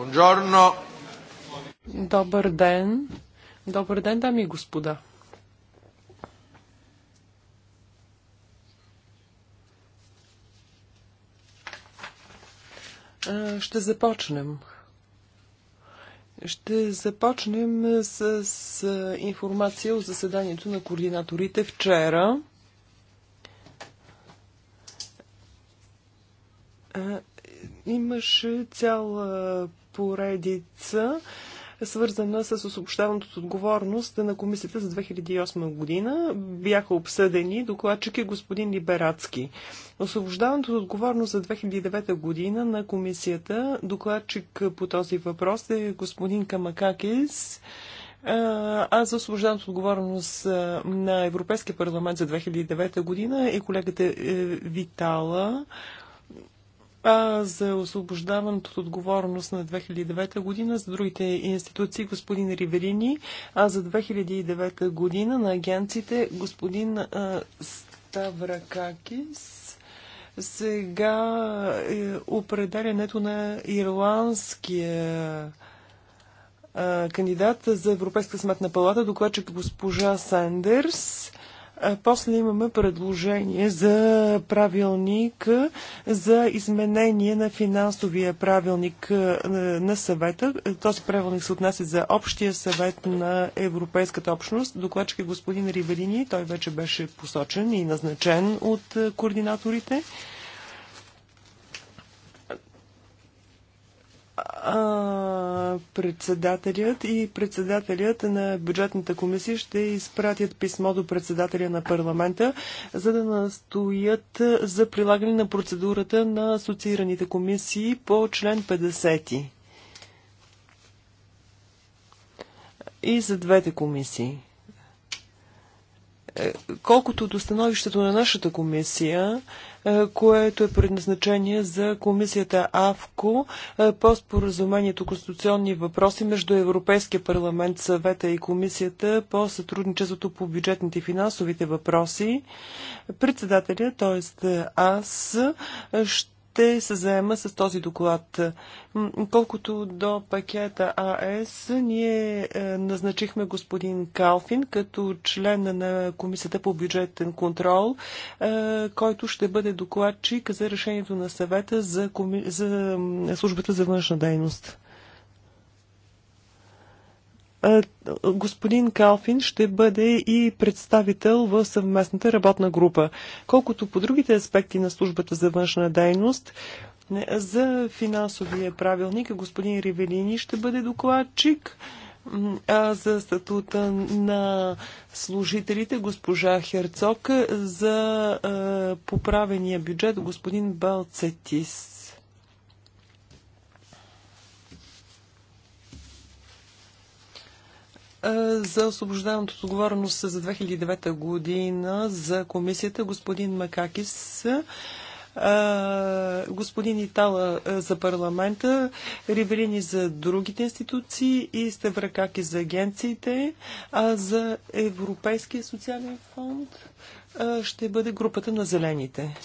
Buongiorno. Добър ден. Добър ден, дами и господа. Ще започнем. Ще започнем с, с информация от заседанието на координаторите вчера. Имаше цяла поредица свързана с освобождаването от отговорност на комисията за 2008 година. Бяха обсъдени докладчик и е господин Либерацки. Освобождаването от отговорност за 2009 година на комисията, докладчик по този въпрос е господин Камакакис. Аз за освобождаването отговорност на Европейския парламент за 2009 година и е колегата е, Витала а за освобождаването от отговорност на 2009 година за другите институции господин Риверини, а за 2009 година на агенците господин а, Ставракакис. Сега е, определянето на ирландския кандидат за Европейска сметна палата, докладчик е госпожа Сандерс. После имаме предложение за правилник за изменение на финансовия правилник на съвета. Този правилник се отнася за общия съвет на Европейската общност. Докладчик е господин Ривелини. Той вече беше посочен и назначен от координаторите. председателят и председателят на бюджетната комисия ще изпратят писмо до председателя на парламента, за да настоят за прилагане на процедурата на асоциираните комисии по член 50. И за двете комисии. Е, колкото до становището на нашата комисия, е, което е предназначение за комисията АВКО е, по споразумението Конституционни въпроси между Европейския парламент, съвета и комисията по сътрудничеството по бюджетните и финансовите въпроси. Председателя, т.е. аз, ще ще се заема с този доклад. Колкото до пакета АС, ние е, назначихме господин Калфин като член на Комисията по бюджетен контрол, е, който ще бъде докладчик за решението на съвета за, коми... за службата за външна дейност господин Калфин ще бъде и представител в съвместната работна група. Колкото по другите аспекти на службата за външна дейност, за финансовия правилник господин Ривелини ще бъде докладчик, а за статута на служителите госпожа Херцог, за поправения бюджет господин Балцетис. Е, за освобождаването от отговорност за 2009 година за комисията господин Макакис е, господин Итала е, за парламента, Ривелини за другите институции и Ставракаки за агенциите, а за Европейския социален фонд ще бъде групата на зелените.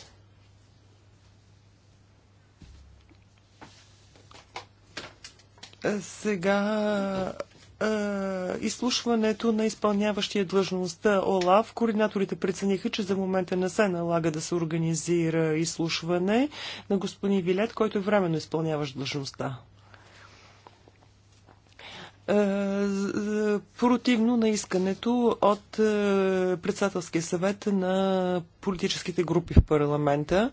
Сега е, изслушването на изпълняващия длъжността ОЛАВ, координаторите прецениха, че за момента не се налага да се организира изслушване на господин Вилет, който е временно изпълняващ длъжността. Е, е, противно на искането от е, председателския съвет на политическите групи в парламента.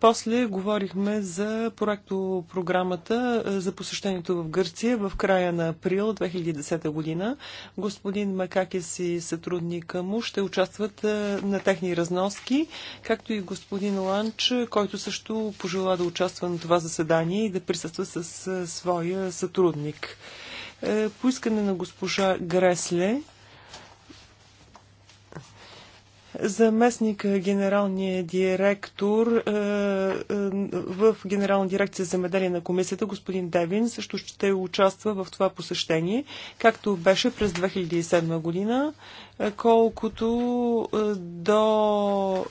После говорихме за проекто програмата за посещението в Гърция в края на април 2010 година. Господин Макакис и сътрудника му ще участват на техни разноски, както и господин Ланч, който също пожела да участва на това заседание и да присъства с своя сътрудник. Е, Поискане на госпожа Гресле заместник е, генералния директор е, е, в Генерална дирекция земеделие на комисията, господин Девин, също ще участва в това посещение, както беше през 2007 година, колкото до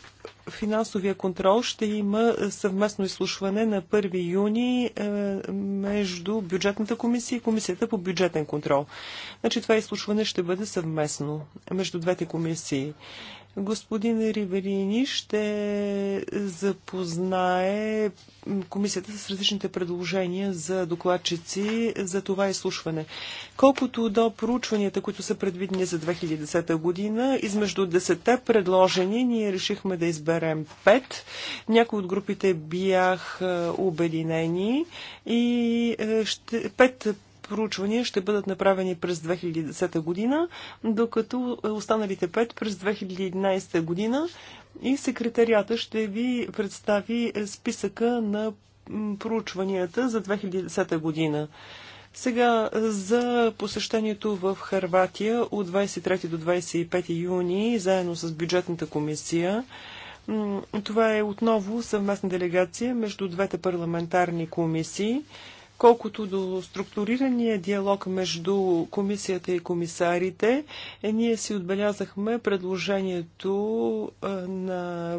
финансовия контрол ще има съвместно изслушване на 1 юни между бюджетната комисия и комисията по бюджетен контрол. Значи това изслушване ще бъде съвместно между двете комисии господин Риверини ще запознае комисията с различните предложения за докладчици за това изслушване. Колкото до проучванията, които са предвидени за 2010 година, измежду 10-те предложени ние решихме да изберем 5. Някои от групите бях обединени и 5 е, проучвания ще бъдат направени през 2010 година, докато е, останалите пет през 2011 година и секретарията ще ви представи е, списъка на проучванията за 2010 година. Сега е, за посещението в Харватия от 23 до 25 юни, заедно с бюджетната комисия. Това е отново съвместна делегация между двете парламентарни комисии. Колкото до структурирания диалог между комисията и комисарите, е, ние си отбелязахме предложението е, на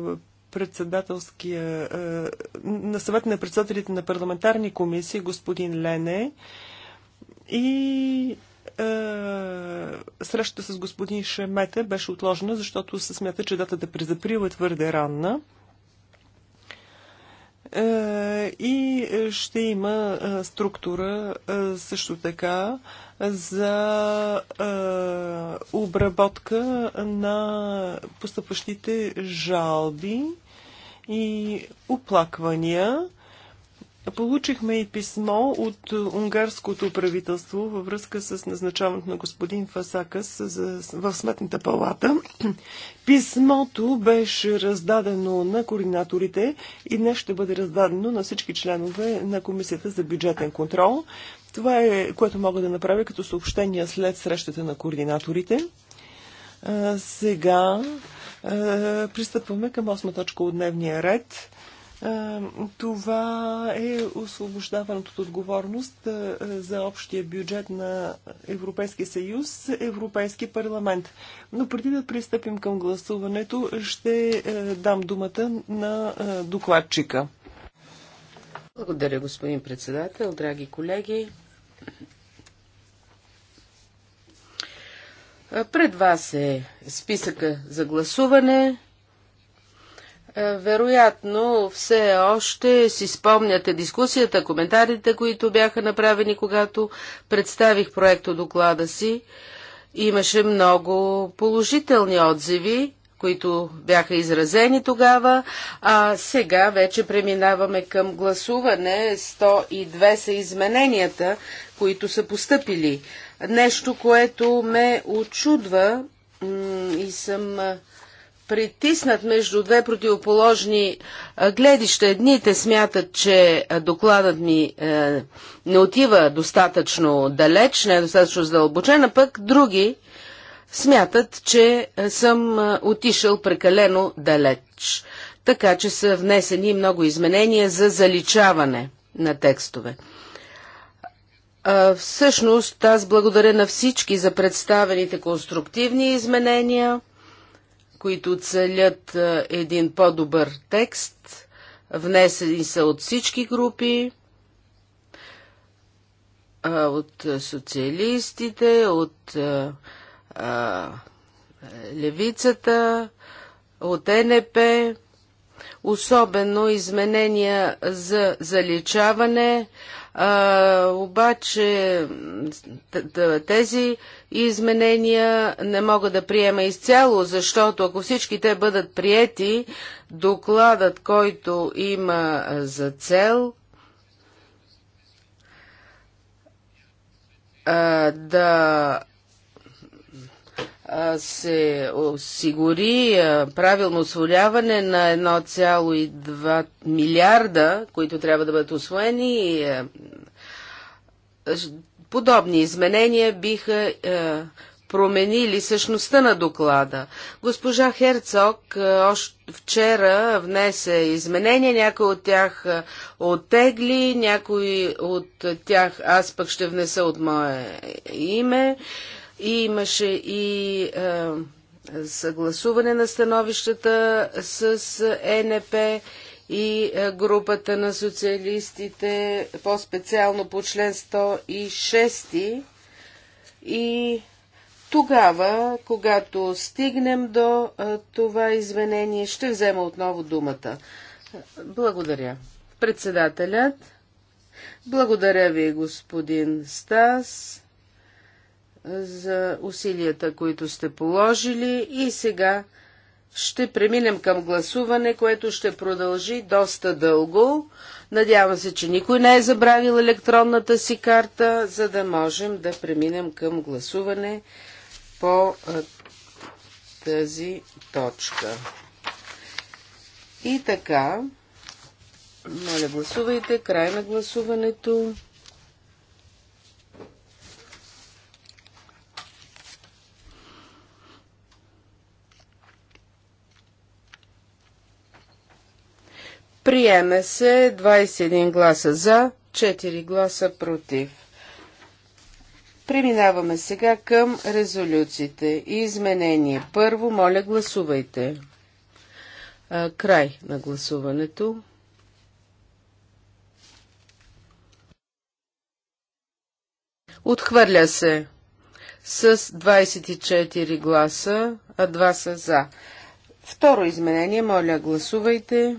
председателския, е, на съвет на председателите на парламентарни комисии, господин Лене, и е, срещата с господин Шемета беше отложена, защото се смята, че датата през април е твърде ранна. Е, и ще има е, структура е, също така за обработка на постъпващите жалби и оплаквания. Получихме и писмо от унгарското правителство във връзка с назначаването на господин Фасакас в Сметната палата. Писмото беше раздадено на координаторите и днес ще бъде раздадено на всички членове на Комисията за бюджетен контрол. Това е което мога да направя като съобщение след срещата на координаторите. сега пристъпваме към осма точка от дневния ред е, това е освобождаването от отговорност е, за общия бюджет на Европейския съюз, Европейски парламент. Но преди да пристъпим към гласуването, ще е, дам думата на докладчика. Благодаря, господин председател, драги колеги. Пред вас е списъка за гласуване. Е, вероятно, все още си спомняте дискусията, коментарите, които бяха направени, когато представих проекто доклада си. Имаше много положителни отзиви, които бяха изразени тогава, а сега вече преминаваме към гласуване. 102 са измененията, които са поступили. Нещо, което ме очудва и съм притиснат между две противоположни гледища. Едните смятат, че докладът ми е, не отива достатъчно далеч, не е достатъчно задълбочен, а пък други смятат, че съм отишъл прекалено далеч. Така че са внесени много изменения за заличаване на текстове. всъщност аз благодаря на всички за представените конструктивни изменения които целят един по-добър текст, внесени са от всички групи, от социалистите, от левицата, от НП, особено изменения за заличаване, а, обаче тези изменения не мога да приема изцяло, защото ако всички те бъдат приети, докладът, който има за цел а, да се осигури правилно освояване на 1,2 милиарда, които трябва да бъдат освоени, подобни изменения биха променили същността на доклада. Госпожа Херцог още вчера внесе изменения, някои от тях оттегли, някои от тях аз пък ще внеса от мое име. И имаше и е, съгласуване на становищата с ЕНП и е, групата на социалистите, по-специално по член 106. И тогава, когато стигнем до е, това извинение, ще взема отново думата. Благодаря. Председателят. Благодаря ви, господин Стас за усилията, които сте положили и сега ще преминем към гласуване, което ще продължи доста дълго. Надявам се, че никой не е забравил електронната си карта, за да можем да преминем към гласуване по тази точка. И така, моля гласувайте, край на гласуването. Приеме се 21 гласа за, 4 гласа против. Преминаваме сега към резолюциите и изменение. Първо, моля, гласувайте. А, край на гласуването. Отхвърля се с 24 гласа, а 2 са за. Второ изменение, моля, гласувайте.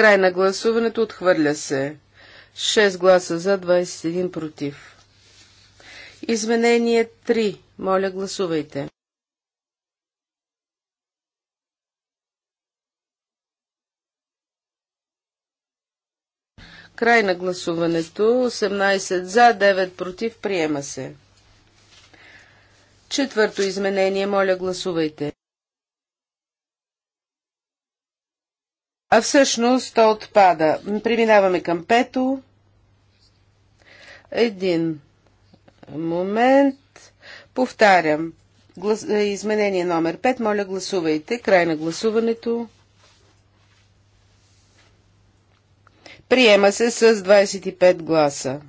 Край на гласуването отхвърля се. 6 гласа за, 21 против. Изменение 3. Моля, гласувайте. Край на гласуването. 18 за, 9 против. Приема се. Четвърто изменение. Моля, гласувайте. А всъщност то отпада. Преминаваме към пето. Един момент. Повтарям. Глас... Е, изменение номер 5. Моля, гласувайте. Край на гласуването. Приема се с 25 гласа.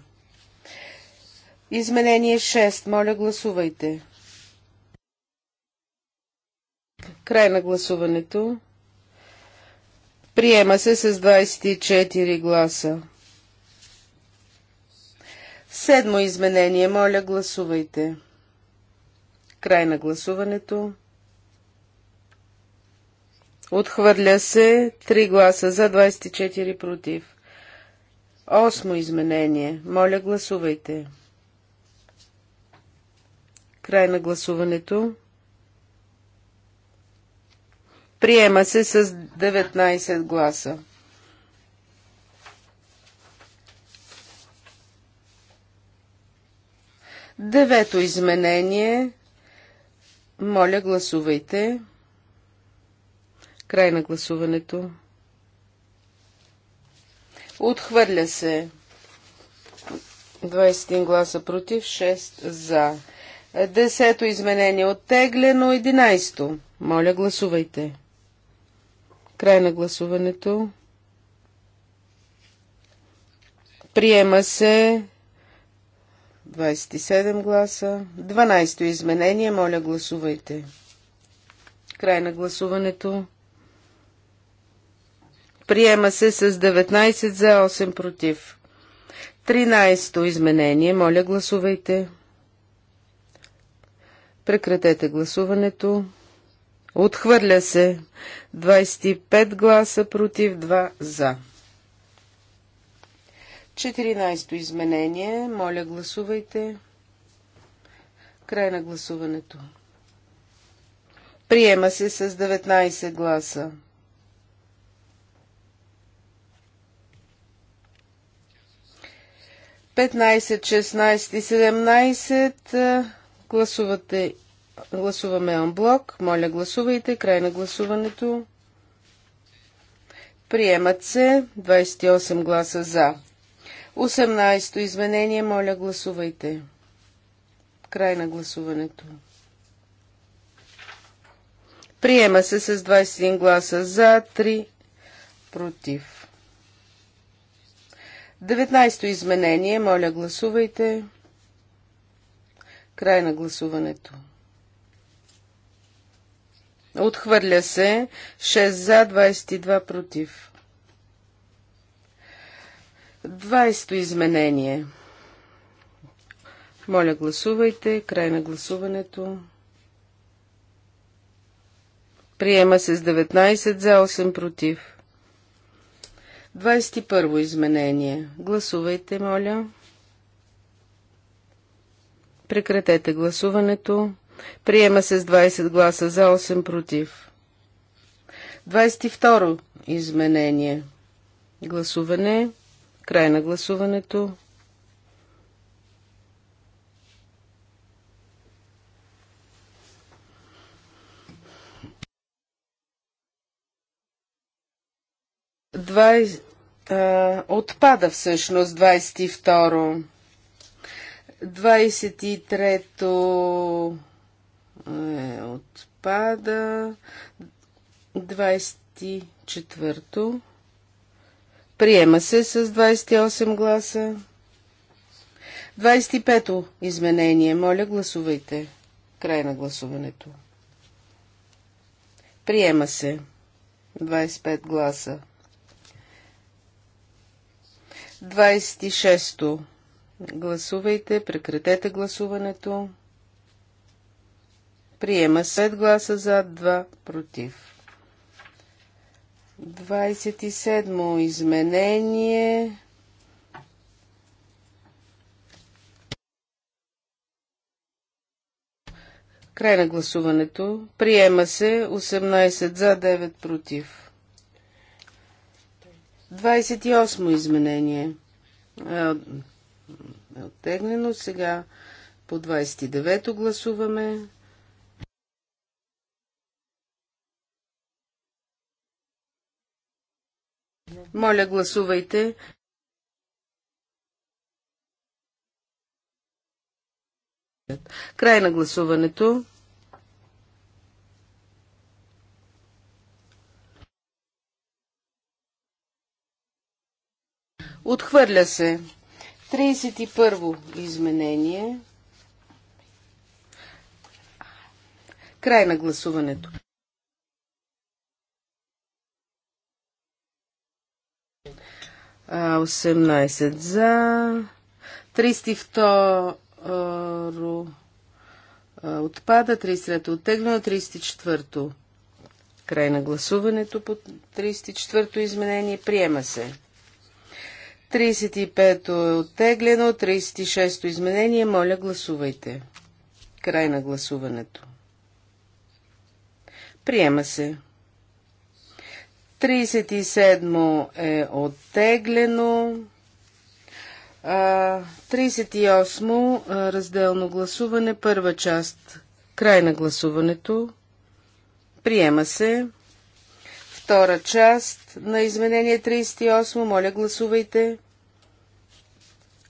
Изменение 6. Моля, гласувайте. Край на гласуването. Приема се с 24 гласа. Седмо изменение. Моля, гласувайте. Край на гласуването. Отхвърля се 3 гласа за 24 против. Осмо изменение. Моля, гласувайте. Край на гласуването. Приема се с 19 гласа. Девето изменение. Моля, гласувайте. Край на гласуването. Отхвърля се. 21 гласа против, 6 за. Десето изменение оттеглено, 11. Моля, гласувайте. Край на гласуването. Приема се 27 гласа. 12-то изменение. Моля, гласувайте. Край на гласуването. Приема се с 19 за 8 против. 13-то изменение. Моля, гласувайте. Прекратете гласуването. Отхвърля се. 25 гласа против 2 за. 14-то изменение. Моля, гласувайте. Край на гласуването. Приема се с 19 гласа. Петнайсет, шестнайсет и седемнайсет гласувате Гласуваме анблок. Моля, гласувайте. Край на гласуването. Приемат се 28 гласа за. 18-то изменение. Моля, гласувайте. Край на гласуването. Приема се с 21 гласа за, 3 против. 19-то изменение. Моля, гласувайте. Край на гласуването. Отхвърля се 6 за, 22 против. 20 то изменение. Моля, гласувайте. Край на гласуването. Приема се с 19 за 8 против. 21 изменение. Гласувайте, моля. Прекратете гласуването. Приема се с 20 гласа за 8 против. 22 изменение. Гласуване. Край на гласуването. А, отпада всъщност 22. 23 е, отпада. 24-то. Приема се с 28 гласа. 25-то изменение. Моля, гласувайте. Край на гласуването. Приема се. 25 гласа. 26-то. Гласувайте, прекратете гласуването. Приема се 5 гласа за, 2 против. 27 изменение. Край на гласуването. Приема се 18 за, 9 против. 28 изменение. Е, е оттегнено. Сега по 29 гласуваме. Моля, гласувайте. Край на гласуването. Отхвърля се. 31 во изменение. Край на гласуването. 18 за. 32 отпада, 33 оттеглено, 34 край на гласуването по 34-то изменение. Приема се. 35-то е оттеглено, 36-то изменение. Моля, гласувайте. Край на гласуването. Приема се. 37 е оттеглено. 38 разделно гласуване, първа част. Край на гласуването. Приема се. Втора част на изменение 38. Моля, гласувайте.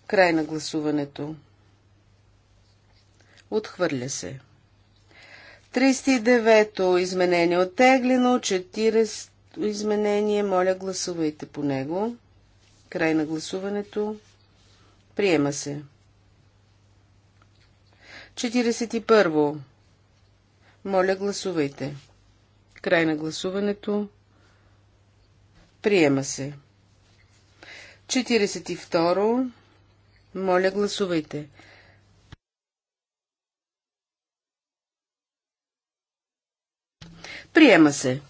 Край на гласуването. Отхвърля се. 39-то изменение оттеглено, 40 изменение. Моля, гласувайте по него. Край на гласуването. Приема се. 41. Моля, гласувайте. Край на гласуването. Приема се. 42. Моля, гласувайте. Приема се.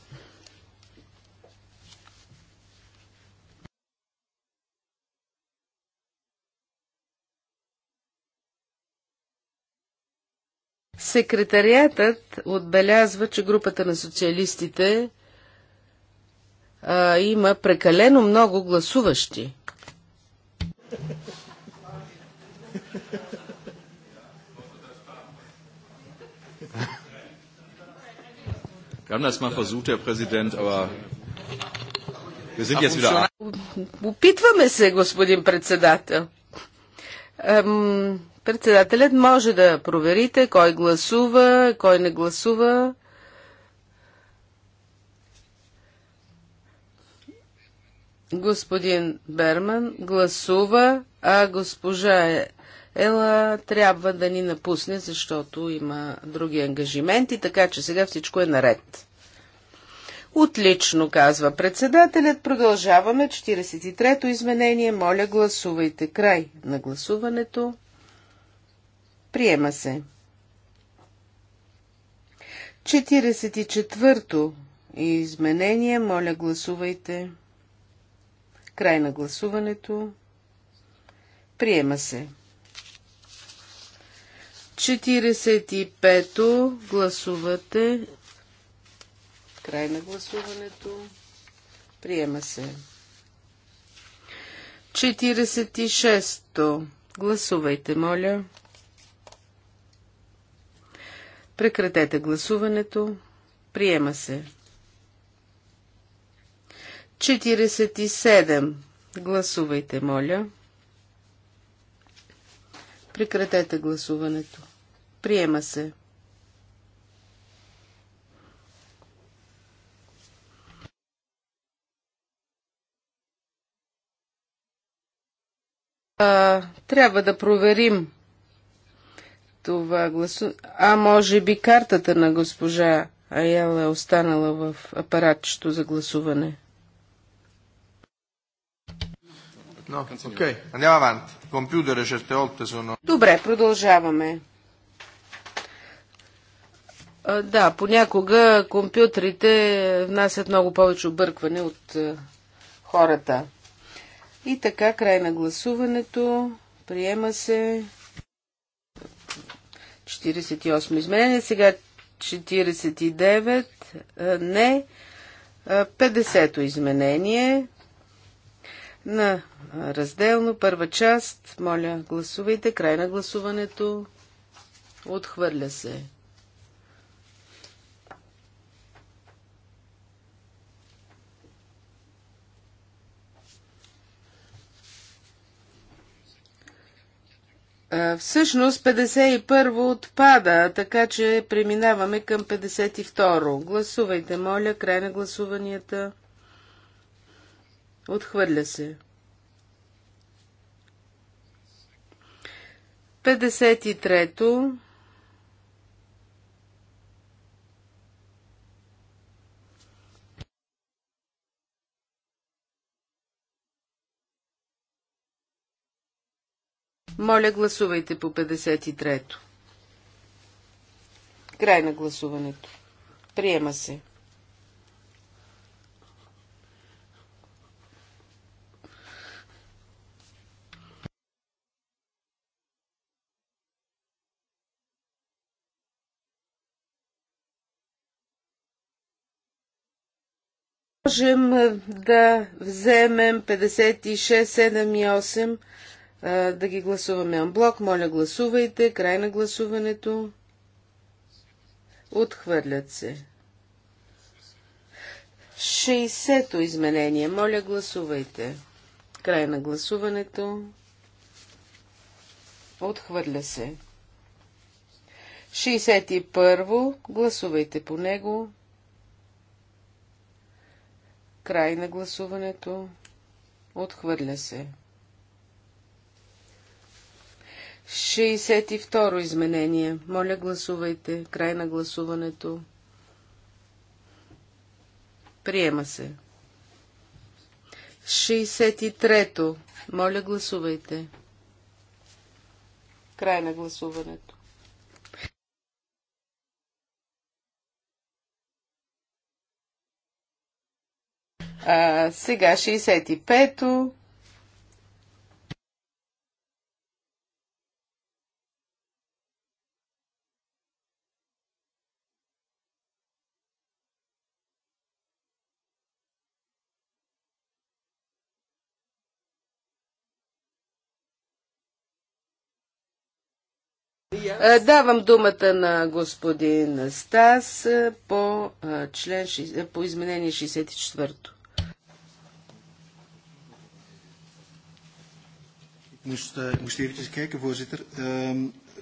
Секретариатът отбелязва, че групата на социалистите а, има прекалено много гласуващи. Wir das mal versucht, Herr Präsident, aber wir sind jetzt wieder. Опитваме се, господин председател. Председателят може да проверите кой гласува, кой не гласува. Господин Берман гласува, а госпожа Ела трябва да ни напусне, защото има други ангажименти, така че сега всичко е наред. Отлично, казва председателят. Продължаваме. 43-то изменение. Моля, гласувайте. Край на гласуването. Приема се. 44-то изменение. Моля, гласувайте. Край на гласуването. Приема се. 45-то гласувате. Край на гласуването. Приема се. 46-то. Гласувайте, моля. Прекратете гласуването. Приема се. 47. Гласувайте, моля. Прекратете гласуването. Приема се. А, трябва да проверим това гласу... А, може би картата на госпожа Аяла е останала в апаратчето за гласуване. Окей, Okay. Andiamo avanti. Computer certe volte sono... Добре, продължаваме. да, понякога компютрите внасят много повече объркване от хората. И така, край на гласуването. Приема се 48 изменение. Сега 49. Не. 50-то изменение на разделно първа част. Моля, гласувайте. Край на гласуването. Отхвърля се. Всъщност 51 отпада, така че преминаваме към 52. Гласувайте, моля, край на гласуванията. Отхвърля се. 53-то Моля, гласувайте по 53-то. Край на гласуването. Приема се. Можем да вземем 56, 7 и 8 да ги гласуваме анблок. Моля, гласувайте. Край на гласуването. Отхвърлят се. 60-то изменение. Моля, гласувайте. Край на гласуването. Отхвърля се. 61-во. Гласувайте по него. Край на гласуването. Отхвърля се. 62 изменение. Моля, гласувайте. Край на гласуването. Приема се. 63-то. Моля, гласувайте. Край на гласуването. А, сега 65-то. Давам думата на господин Стас по, член, по изменение 64-то. Eh,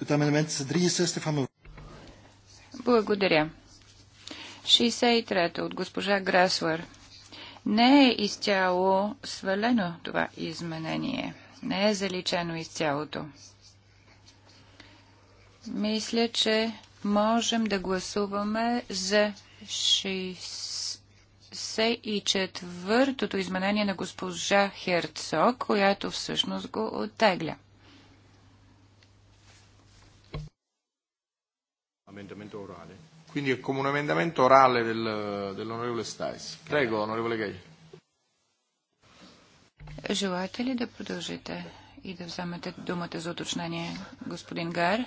ehm, Благодаря. 63-та от госпожа Грасвар. Не е изцяло свалено това изменение. Не е заличено изцялото. Мисля, че можем да гласуваме за 64-тото изменение на госпожа Херцог, която всъщност го оттегля. Quindi è come un emendamento orale del, dell'onorevole Stais. Prego, onorevole Gay. Желаете ли да продължите и да вземете думата за уточнение, господин Гар?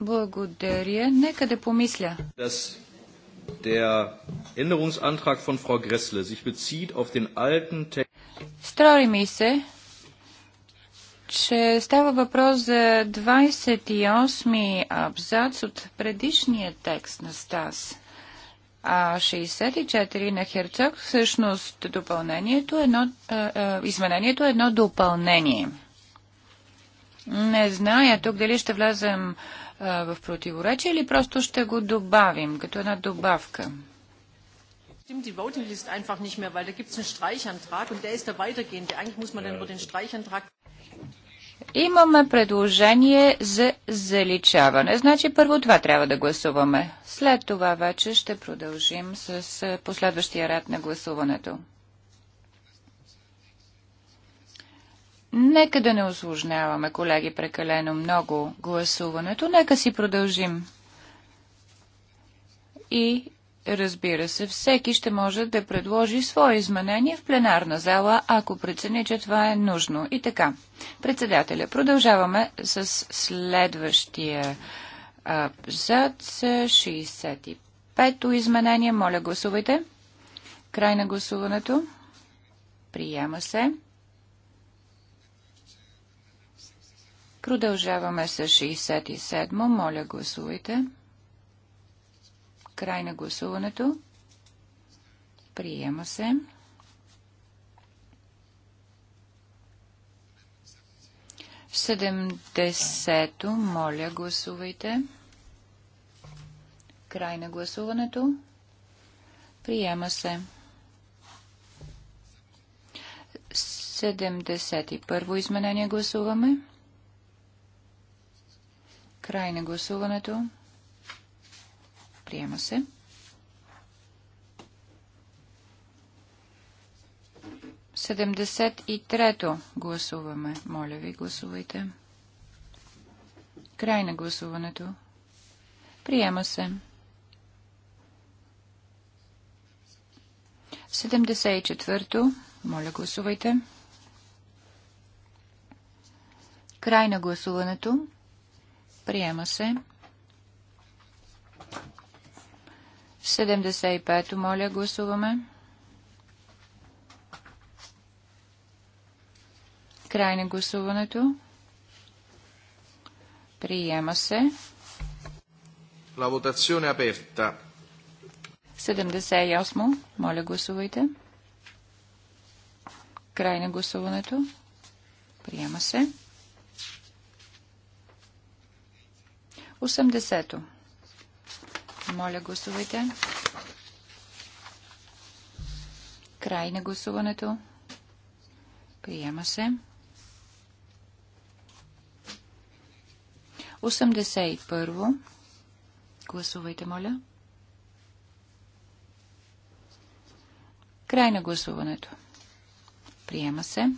Благодаря. Нека да помисля. Строи ми се, че става въпрос за 28-ми абзац от предишния текст на Стас. А 64 на Херцог, всъщност допълнението е едно, изменението е едно допълнение. Не зная тук дали ще влезем в противоречие или просто ще го добавим като една добавка? die Voting List einfach nicht mehr, weil da gibt es einen Streichantrag und der ist der weitergehende. Eigentlich muss man dann über den Streichantrag. Имаме предложение за заличаване. Значи първо това трябва да гласуваме. След това вече ще продължим с последващия ряд на гласуването. Нека да не осложняваме, колеги, прекалено много гласуването. Нека си продължим. И, разбира се, всеки ще може да предложи свое изменение в пленарна зала, ако прецени, че това е нужно. И така, председателя, продължаваме с следващия абзац 65-то изменение. Моля, гласувайте. Край на гласуването. Приема се. Продължаваме с 67. Моля, гласувайте. Край на гласуването. Приема се. В 70 моля, гласувайте. Край на гласуването. Приема се. 71-во изменение гласуваме. Край на гласуването. Приема се. Седемдесет и трето гласуваме. Моля ви, гласувайте. Край на гласуването. Приема се. 74-то. Моля, гласувайте. Край на гласуването. Приема се. 75-то, моля, гласуваме. Край на гласуването. Приема се. La votazione aperta. 78. Моля, гласувайте. Край на гласуването. Приема се. 80-то. Моля, гласувайте. Край на гласуването. Приема се. 81. Гласувайте, моля. Край на гласуването. Приема се.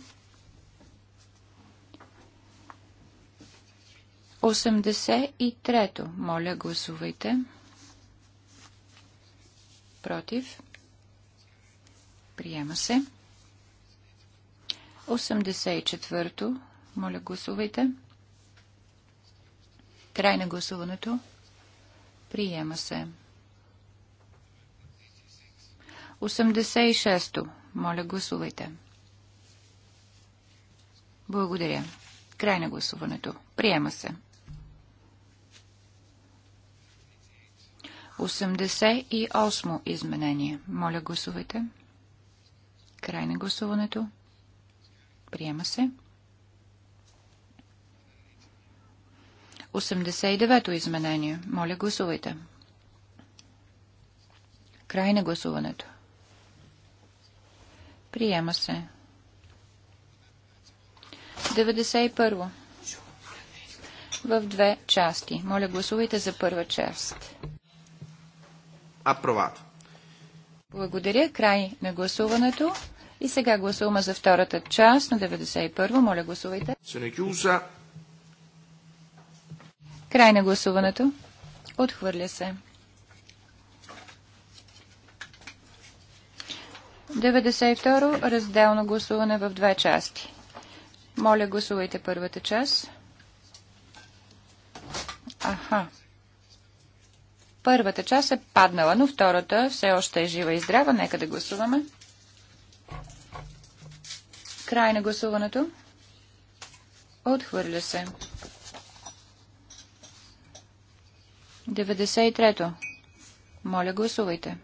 83-то. Моля, гласувайте. Против. Приема се. 84-то. Моля, гласувайте. Край на гласуването. Приема се. 86-то. Моля, гласувайте. Благодаря. Край на гласуването. Приема се. 88 изменение. Моля, гласувайте. Край на гласуването. Приема се. 89-то изменение. Моля, гласувайте. Край на гласуването. Приема се. 91. В две части. Моля, гласувайте за първа част. Апровато. Благодаря. Край на гласуването. И сега гласуваме за втората част на 91-во. Моля, гласувайте. Сенекюса. Край на гласуването. Отхвърля се. 92. Разделно гласуване в две части. Моля, гласувайте първата част. Аха. Първата част е паднала, но втората все още е жива и здрава. Нека да гласуваме. Край на гласуването. Отхвърля се. 93-то. Моля, гласувайте.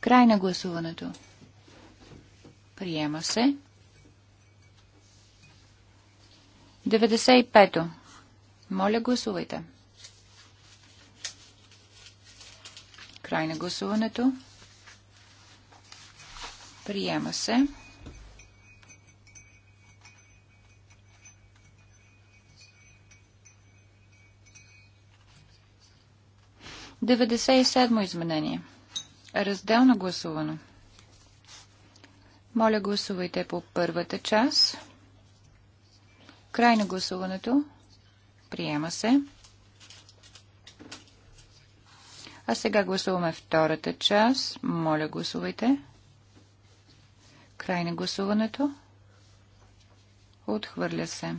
Край на гласуването. Приема се. 95-то. Моля, гласувайте. Край на гласуването. Приема се. Деведесет и седмо изменение. Разделно гласувано. Моля, гласувайте по първата част. Край на гласуването. Приема се. А сега гласуваме втората част. Моля, гласувайте. Край на гласуването. Отхвърля се.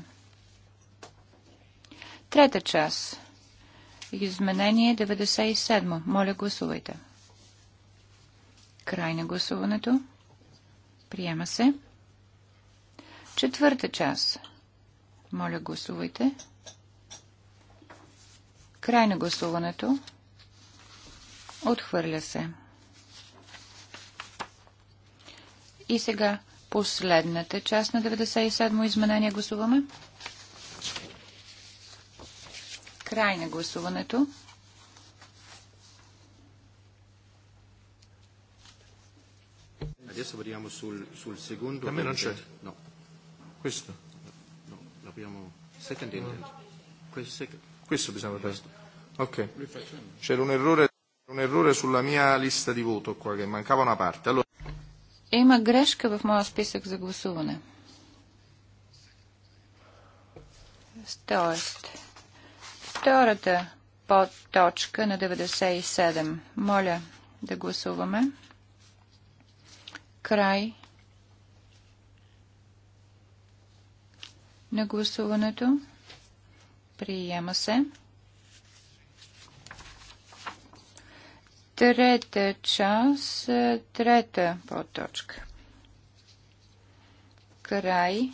Трета част. Изменение 97. Моля, гласувайте. Край на гласуването. Приема се. Четвърта част. Моля, гласувайте. Край на гласуването. Отхвърля се. И сега последната част на 97 мо изменение гласуваме. Край на гласуването. Adesso vediamo sul, sul secondo. A me non c'è. No. Questo? No, l'abbiamo. Second intent. No. Questo, questo bisogna questo. Ok. C'era un errore, un errore sulla mia lista di voto qua, che mancava una parte. Allora... Има грешка в моя списък за гласуване. Тоест, втората подточка на 97. Моля да гласуваме. Край на гласуването. Приема се. Трета част, е, трета подточка. Край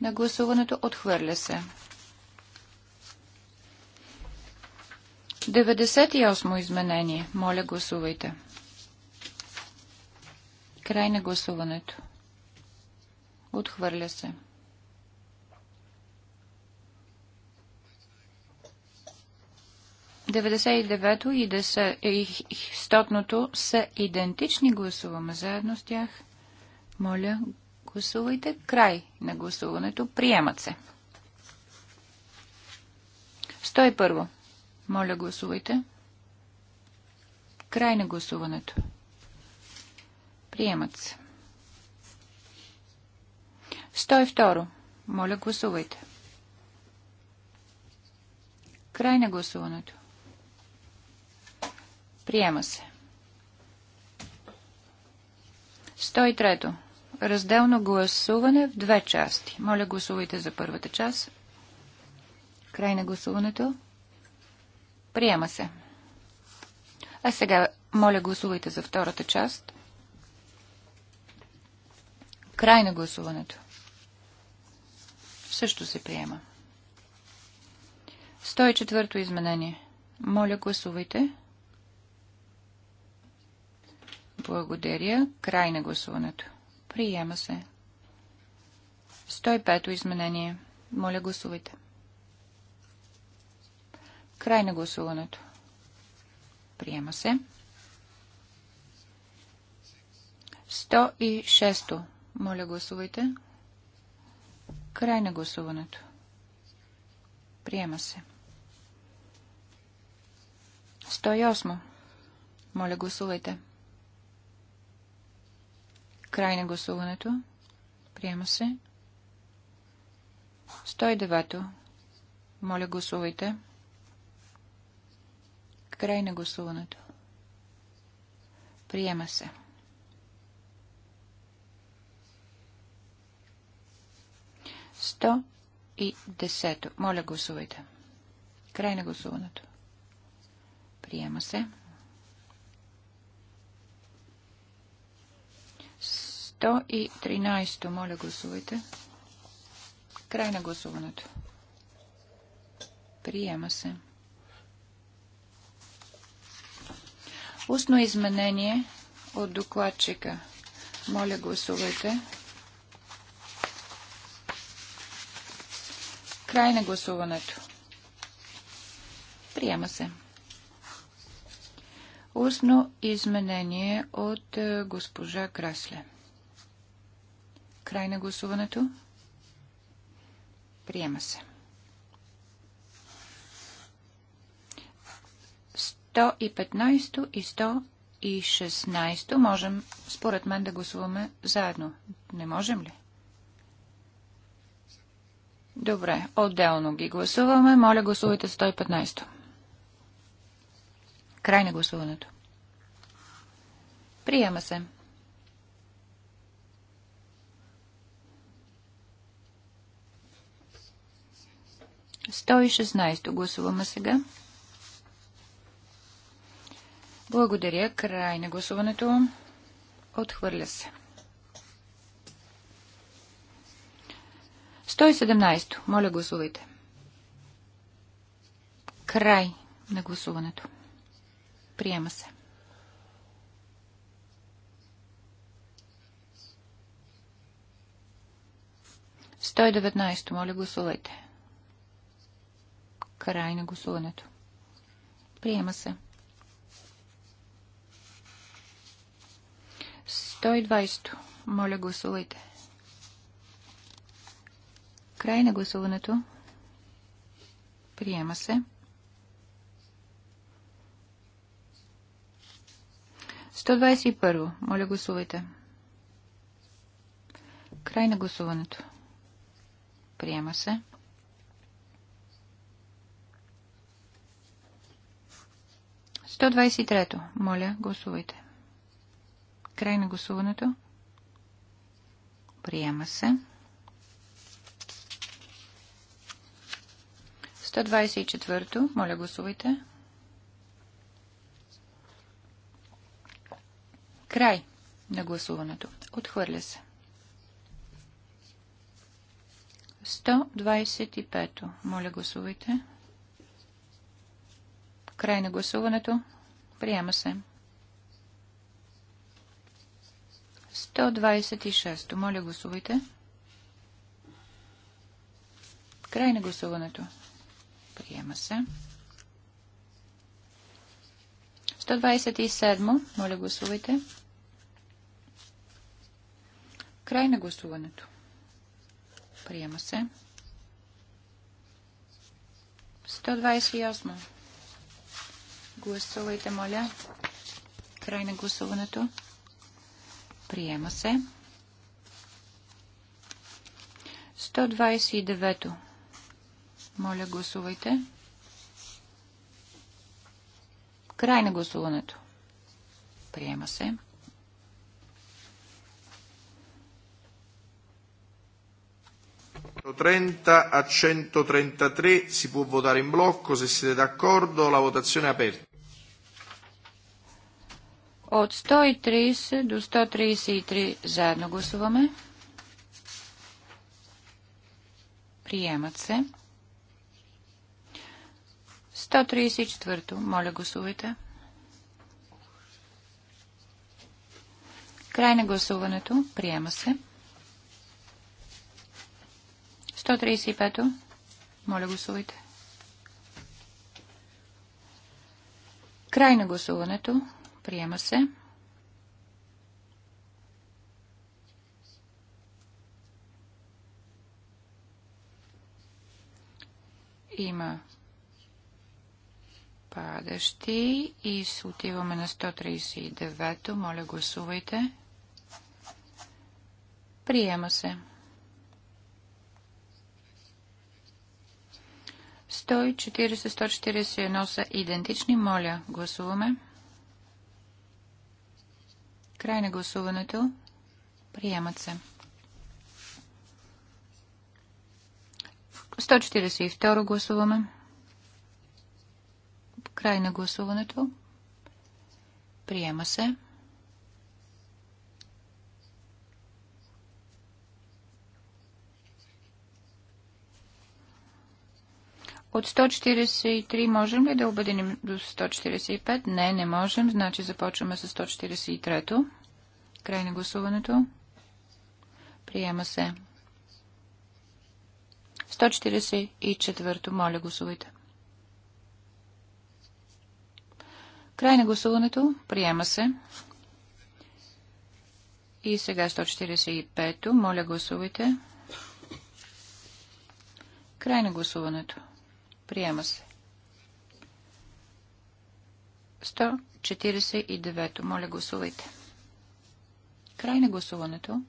на гласуването отхвърля се. 98 изменение. Моля, гласувайте. Край на гласуването. Отхвърля се. 99-то и 100-ното са идентични. Гласуваме заедно с тях. Моля, гласувайте. Край на гласуването. Приемат се. 101. Моля, гласувайте. Край на гласуването. Приемат се. 102. Моля, гласувайте. Край на гласуването. Приема се. 103. Разделно гласуване в две части. Моля, гласувайте за първата част. Край на гласуването. Приема се. А сега, моля, гласувайте за втората част. Край на гласуването. Също се приема. 104 изменение. Моля, гласувайте. Благодаря. Край на гласуването. Приема се. 105-то изменение. Моля гласувайте. Край на гласуването. Приема се. 106-то. Моля гласувайте. Край на гласуването. Приема се. 108. Моля гласувайте. Край на гласуването. Приема се. 109. Моля, гласувайте. Край на гласуването. Приема се. Сто и десето. Моля, гласувайте. Край на гласуването. Приема се. 113. Моля, гласувайте. Край на гласуването. Приема се. Устно изменение от докладчика. Моля, гласувайте. Край на гласуването. Приема се. Устно изменение от е, госпожа Красле. Край на гласуването. Приема се. 115 и 116 можем, според мен, да гласуваме заедно. Не можем ли? Добре, отделно ги гласуваме. Моля, гласувайте 115. Край на гласуването. Приема се. 116 гласуваме сега. Благодаря. Край на гласуването. Отхвърля се. 117. Моля, гласувайте. Край на гласуването. Приема се. 119 и Моля, гласувайте. Край на гласуването. Приема се. 120. Моля, гласувайте. Край на гласуването. Приема се. 121. Моля, гласувайте. Край на гласуването. Приема се. 123-то. Моля, гласувайте. Край на гласуването. Приема се. 124-то. Моля, гласувайте. Край на гласуването. Отхвърля се. 125-то. Моля, гласувайте. Край на гласуването. Приема се. 126. Моля, гласувайте. Край на гласуването. Приема се. 127. Моля, гласувайте. Край на гласуването. Приема се. 128. Гласувайте, моля. Край на гласуването. Приема се. 129. Моля, гласувайте. Край на гласуването. Приема се. ...130 a 133 si può votare in blocco se siete d'accordo, la votazione è aperta. От 130 до 133 заедно гласуваме. Приемат се. 134. Моля, гласувайте. Край на гласуването. Приема се. 135. Моля, гласувайте. Край на гласуването. Приема се. Има падащи и се отиваме на 139-то. Моля, гласувайте. Приема се. 140-141 са идентични. Моля, гласуваме. Край на гласуването. Приемат се. 142 гласуваме. Край на гласуването. Приема се. От 143 можем ли да обединим до 145? Не, не можем. Значи започваме с 143-то. Край на гласуването. Приема се. 144-то. Моля, гласувайте. Край на гласуването. Приема се. И сега 145-то. Моля, гласувайте. Край на гласуването. Приема се. 149. Моля, гласувайте. Край на гласуването.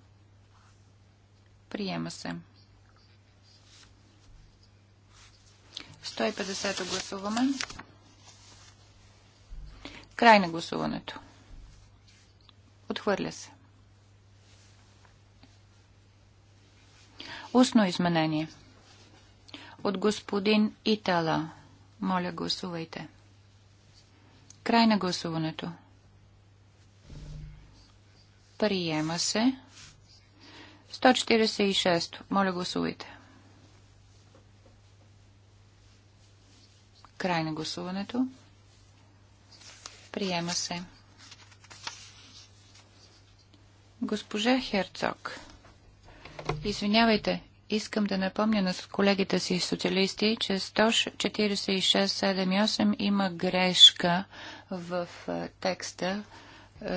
Приема се. 150 гласуваме. Край на гласуването. Отхвърля се. Устно изменение от господин Итала. Моля, гласувайте. Край на гласуването. Приема се. 146. Моля, гласувайте. Край на гласуването. Приема се. Госпожа Херцог. Извинявайте, искам да напомня на колегите си социалисти, че 146.7.8 има грешка в е, текста. Е,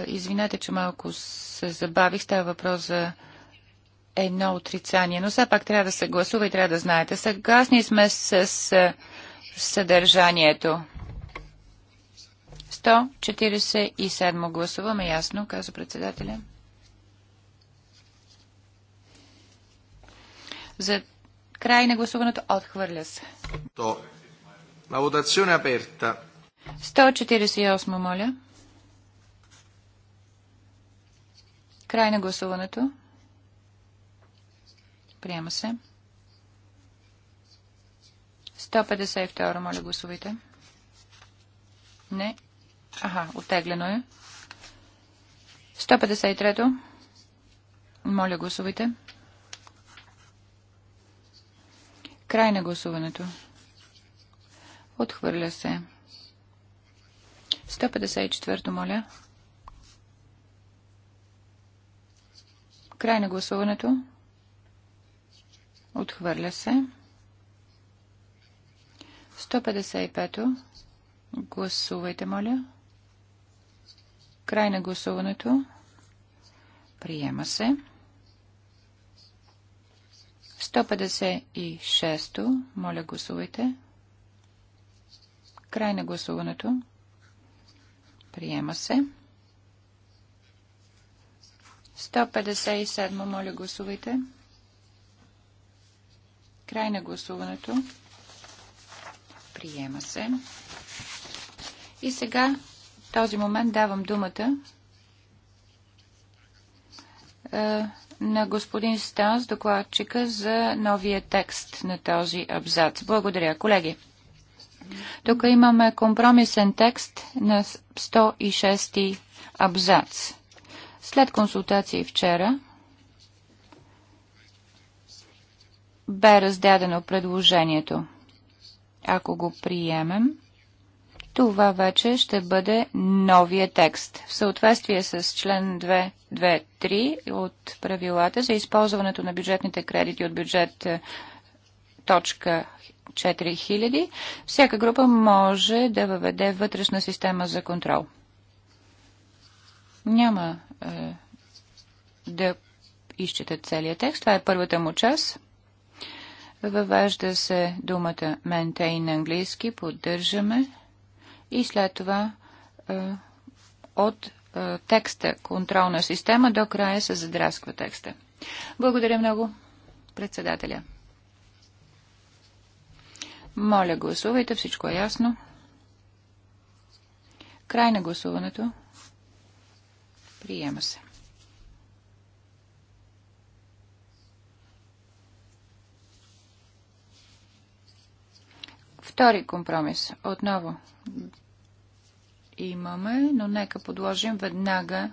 извинете, че малко се забавих. Става въпрос за едно отрицание, но все пак трябва да се гласува и трябва да знаете. Съгласни сме с е, съдържанието. 147 гласуваме ясно, каза председателя. За край на гласуването отхвърля се. То. La votazione aperta. 148, моля. Край на гласуването. Приема се. 152, моля гласувайте. Не. Аха, оттеглено е. 153. Моля гласувайте. Край на гласуването. Отхвърля се. 154 моля. Край на гласуването. Отхвърля се. 155-то. Гласувайте, моля. Край на гласуването. Приема се. 156-то. Моля, гласувайте. Край на гласуването. Приема се. 157. Моля, гласувайте. Край на гласуването. Приема се. И сега, в този момент, давам думата е, на господин Станс, докладчика, за новия текст на този абзац. Благодаря, колеги. Тук имаме компромисен текст на 106 абзац. След консултации вчера бе раздадено предложението. Ако го приемем, това вече ще бъде новия текст. В съответствие с член 2.2.3 от правилата за използването на бюджетните кредити от бюджет е, точка 4000, всяка група може да въведе вътрешна система за контрол. Няма е, да изчета целият текст. Това е първата му част. Въвежда се думата maintain на английски, поддържаме и след това е, от е, текста контролна система до края се задрасква текста. Благодаря много, председателя. Моля, гласувайте, всичко е ясно. Край на гласуването. Приема се. Втори компромис. Отново имаме, но нека подложим веднага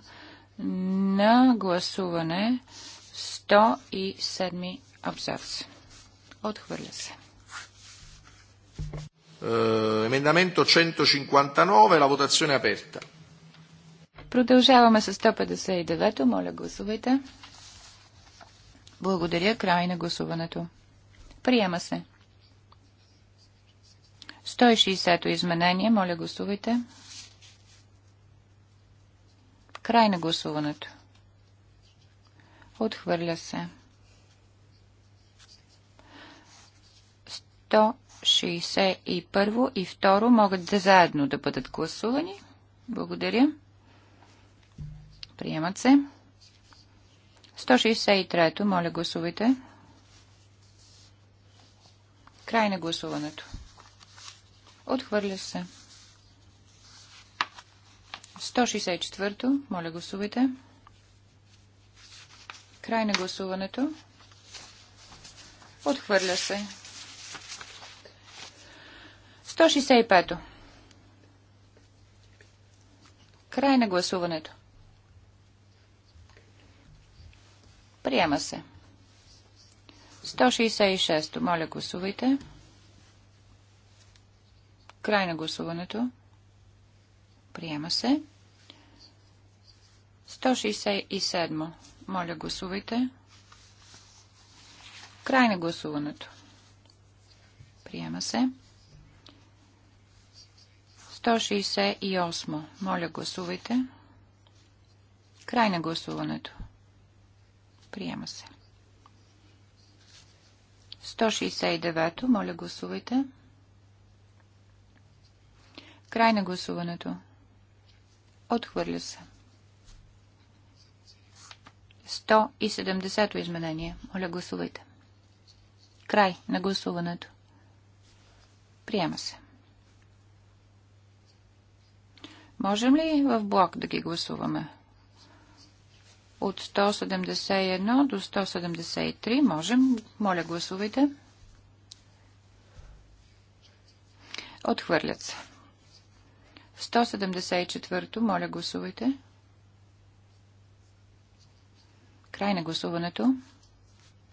на гласуване 107 абзац. Отхвърля се. Е, Емендаменто 159, la votazione aperta. Продължаваме с 159-то. Моля, гласувайте. Благодаря. Край на гласуването. Приема се. 160-то изменение. Моля, гласувайте. Край на гласуването. Отхвърля се. 161 и 2 могат да заедно да бъдат гласувани. Благодаря. Приемат се. 163. Моля, гласувайте. Край на гласуването. Отхвърля се. 164-то. Моля, гласувайте. Край на гласуването. Отхвърля се. 165-то. Край на гласуването. Приема се. 166-то. Моля, гласувайте. Отхвърля се. Край на гласуването. Приема се. 167. Моля, гласувайте. Край на гласуването. Приема се. 168. Моля, гласувайте. Край на гласуването. Приема се. 169. Моля, гласувайте. Край на гласуването. Отхвърля се. 170-то изменение. Моля, гласувайте. Край на гласуването. Приема се. Можем ли в блок да ги гласуваме? От 171 до 173 можем. Моля, гласувайте. Отхвърлят се. 174-то, моля гласувайте. Край на гласуването.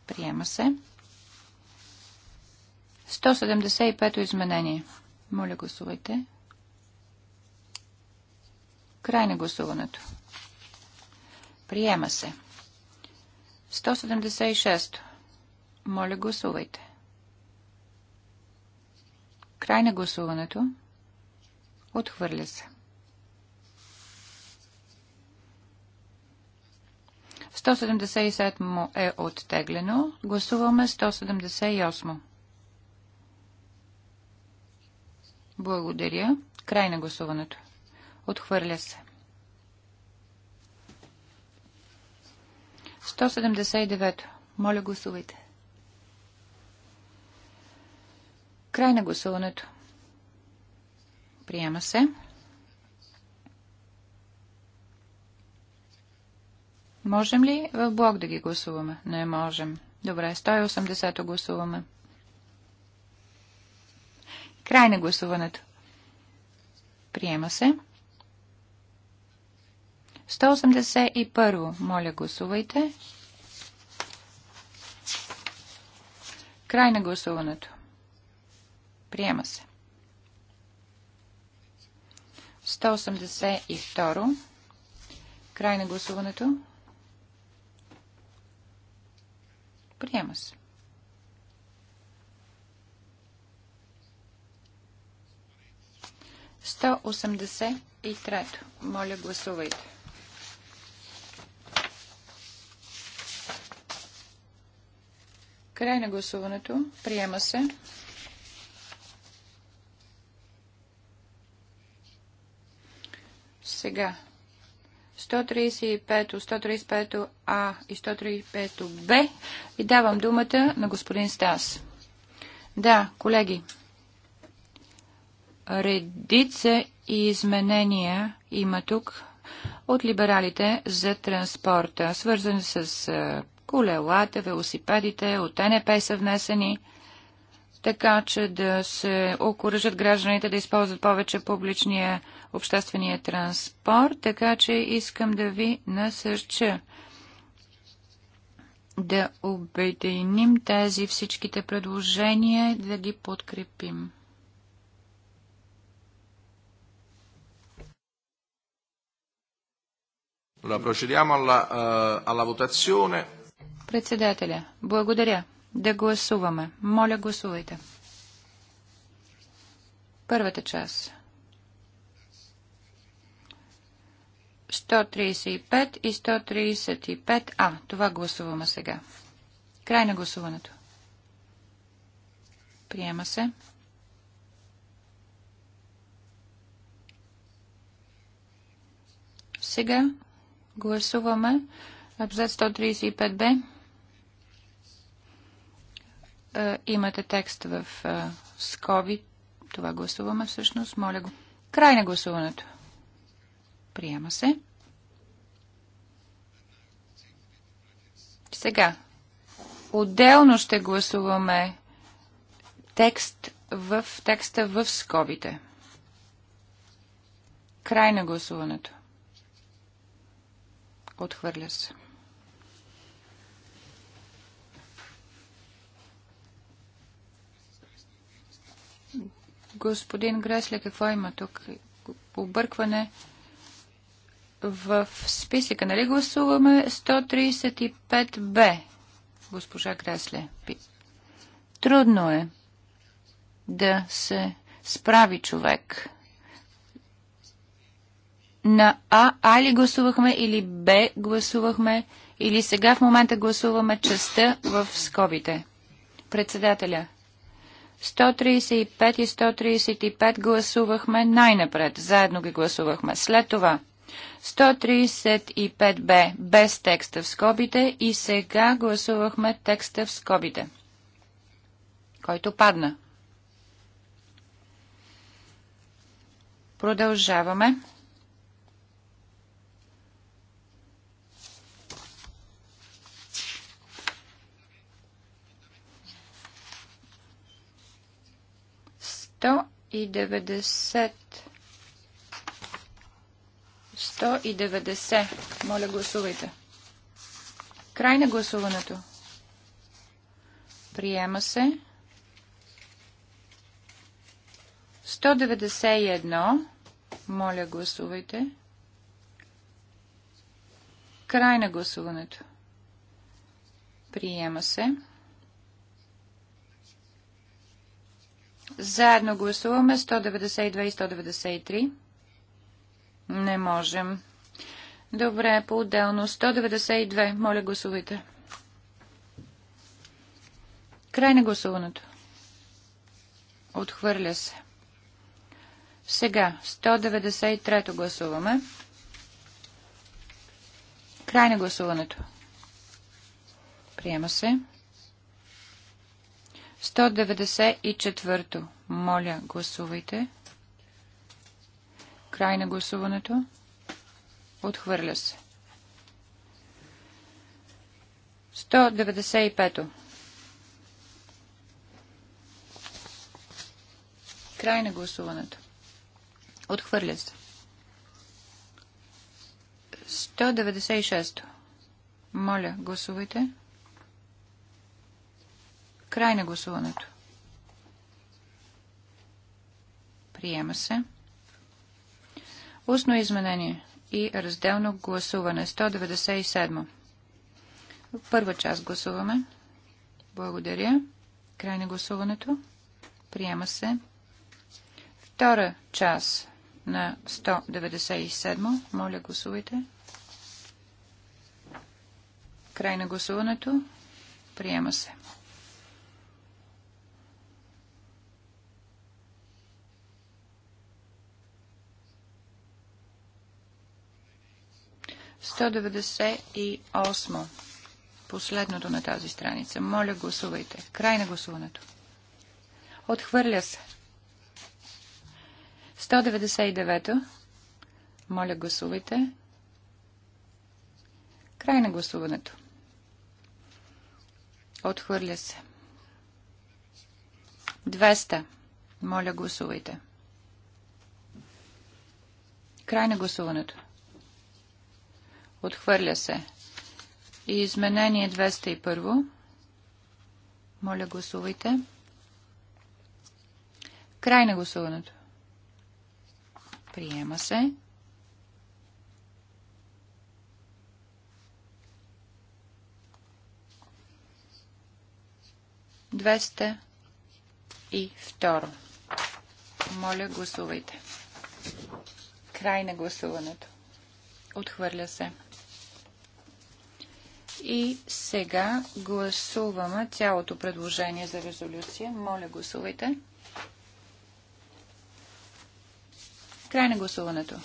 Приема се. 175-то изменение. Моля гласувайте. Край на гласуването. Приема се. 176. Моля гласувайте. Край на гласуването. Отхвърля се. 177 е оттеглено. Гласуваме 178. Благодаря. Край на гласуването. Отхвърля се. 179. Моля гласувайте. Край на гласуването. Приема се. Можем ли в блок да ги гласуваме? Не можем. Добре, 180 гласуваме. Край на гласуването. Приема се. 181. Моля, гласувайте. Край на гласуването. Приема се. 182. Край на гласуването. Приема се. Сто осемдесет и трето. Моля, гласувайте. Край на гласуването. Приема се. Сега. 135, 135 А и 135 Б. И давам думата на господин Стас. Да, колеги. Редица и изменения има тук от либералите за транспорта, свързани с колелата, велосипедите, от НП са внесени, така че да се окоръжат гражданите да използват повече публичния обществения транспорт, така че искам да ви насърча да обединим тези всичките предложения, да ги подкрепим. Eh, Председателя, благодаря. Да гласуваме. Моля, гласувайте. Първата част. 135 и 135А. Това гласуваме сега. Край на гласуването. Приема се. Сега гласуваме абзац 135Б. Е, имате текст в е, скоби. Това гласуваме всъщност. Моля го. Край на гласуването. Приема се. Сега, отделно ще гласуваме текст в текста в скобите. Край на гласуването. Отхвърля се. Господин Гресле, какво има тук? Объркване в списъка, нали гласуваме 135Б, госпожа Кресле. Трудно е да се справи човек. На А, А ли гласувахме или Б гласувахме, или сега в момента гласуваме частта в скобите. Председателя. 135 и 135 гласувахме най-напред. Заедно ги гласувахме. След това 135б без текста в скобите и сега гласувахме текста в скобите, който падна. Продължаваме. Сто и деветдесет 190. Моля, гласувайте. Край на гласуването. Приема се. 191. Моля, гласувайте. Край на гласуването. Приема се. Заедно гласуваме 192 и 193. Не можем. Добре, по-отделно. 192. Моля, гласувайте. Край на гласуването. Отхвърля се. Сега, 193-то гласуваме. Край на гласуването. Приема се. 194-то. Моля, гласувайте. Гласувайте. Край на гласуването. Отхвърля се. 195. Край на гласуването. Отхвърля се. 196. Моля, гласувайте. Край на гласуването. Приема се. Устно изменение и разделно гласуване. 197. Първа част гласуваме. Благодаря. Край на гласуването. Приема се. Втора част на 197. Моля, гласувайте. Край на гласуването. Приема се. 198. Последното на тази страница. Моля, гласувайте. Край на гласуването. Отхвърля се. 199. Моля, гласувайте. Край на гласуването. Отхвърля се. 200. Моля, гласувайте. Край на гласуването. Отхвърля се. И изменение 201. Моля, гласувайте. Край на гласуването. Приема се. Двеста и второ. Моля, гласувайте. Край на гласуването. Отхвърля се. И сега гласуваме цялото предложение за резолюция. Моля, гласувайте. Край на гласуването.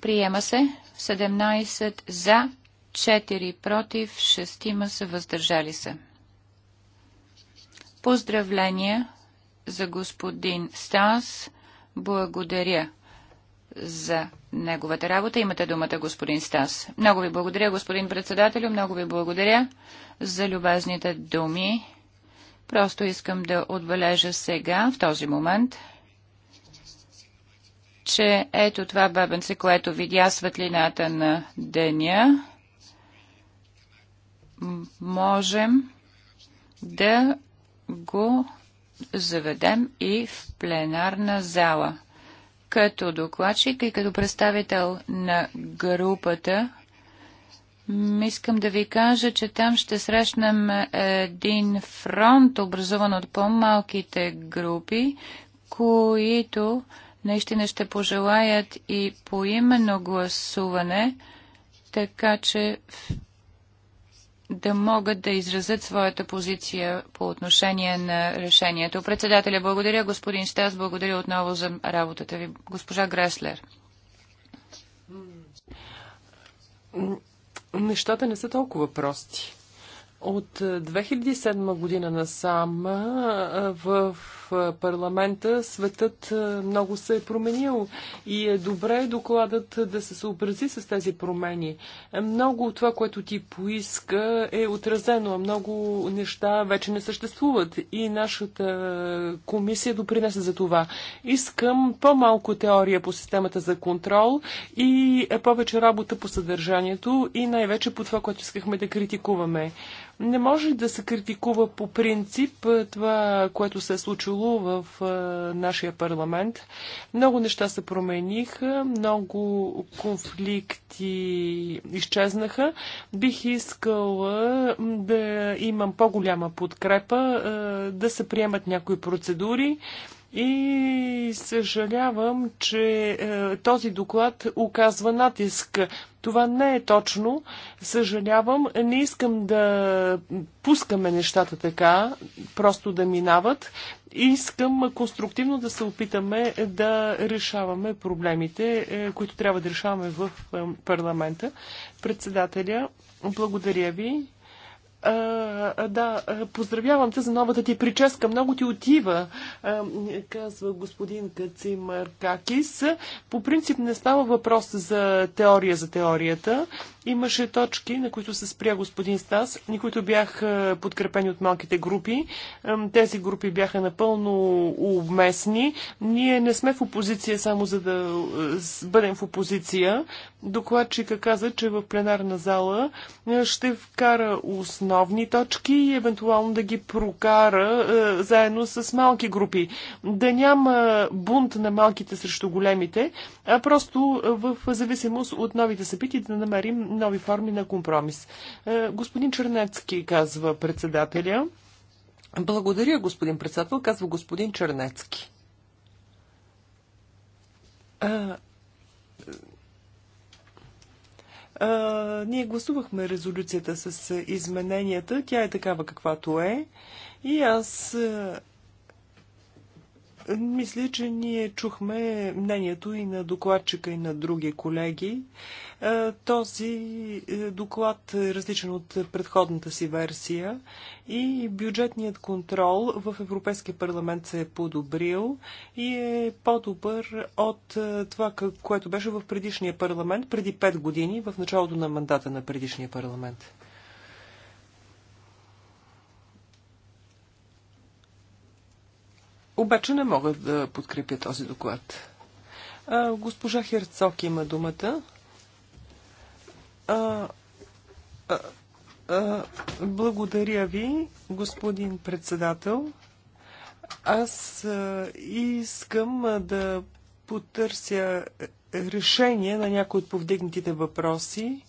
Приема се 17 за, 4 против, 6 са въздържали се. Поздравления за господин Стас. Благодаря за неговата работа. Имате думата, господин Стас. Много ви благодаря, господин председателю. Много ви благодаря за любезните думи. Просто искам да отбележа сега, в този момент, че ето това бебенце, което видя светлината на деня, можем да го заведем и в пленарна зала. Като докладчик и като представител на групата, искам да ви кажа, че там ще срещнем един фронт, образуван от по-малките групи, които наистина ще пожелаят и поименно гласуване, така че да могат да изразят своята позиция по отношение на решението. Председателя, благодаря. Господин Стас, благодаря отново за работата ви. Госпожа Греслер. Нещата не са толкова прости. От 2007 е, година насам е, в е, парламента, светът е, много се е променил и е добре докладът да се съобрази с тези промени. Е, много от това, което ти поиска, е отразено, а много неща вече не съществуват и нашата комисия допринесе за това. Искам по-малко теория по системата за контрол и повече работа по съдържанието и най-вече по това, което искахме да критикуваме. Не може да се критикува по принцип това, което се е случило минало в нашия парламент. Много неща се промениха, много конфликти изчезнаха. Бих искала да имам по-голяма подкрепа, да се приемат някои процедури. И съжалявам, че е, този доклад оказва натиск. Това не е точно. Съжалявам, не искам да пускаме нещата така, просто да минават. Искам конструктивно да се опитаме да решаваме проблемите, е, които трябва да решаваме в е, парламента. Председателя, благодаря ви да, поздравявам те за новата ти прическа. Много ти отива, а, казва господин Кацим Какис. По принцип не става въпрос за теория за теорията. Имаше точки, на които се спря господин Стас, ни които бяха подкрепени от малките групи. Тези групи бяха напълно уместни. Ние не сме в опозиция само за да бъдем в опозиция. Докладчика каза, че в пленарна зала ще вкара устна основни точки и евентуално да ги прокара е, заедно с малки групи. Да няма бунт на малките срещу големите, а просто в зависимост от новите събития да намерим нови форми на компромис. Е, господин Чернецки казва председателя. Благодаря, господин председател, казва господин Чернецки. Е, ние гласувахме резолюцията с измененията. Тя е такава каквато е. И аз мисля, че ние чухме мнението и на докладчика, и на други колеги. Е, този е, доклад е различен от предходната си версия и бюджетният контрол в Европейския парламент се е подобрил и е по-добър от е, това, което беше в предишния парламент преди 5 години, в началото на мандата на предишния парламент. обаче не мога да подкрепя този доклад. А, госпожа Херцог има думата. А, а, а, благодаря ви, господин председател. Аз а, искам а, да потърся решение на някои от повдигнатите въпроси.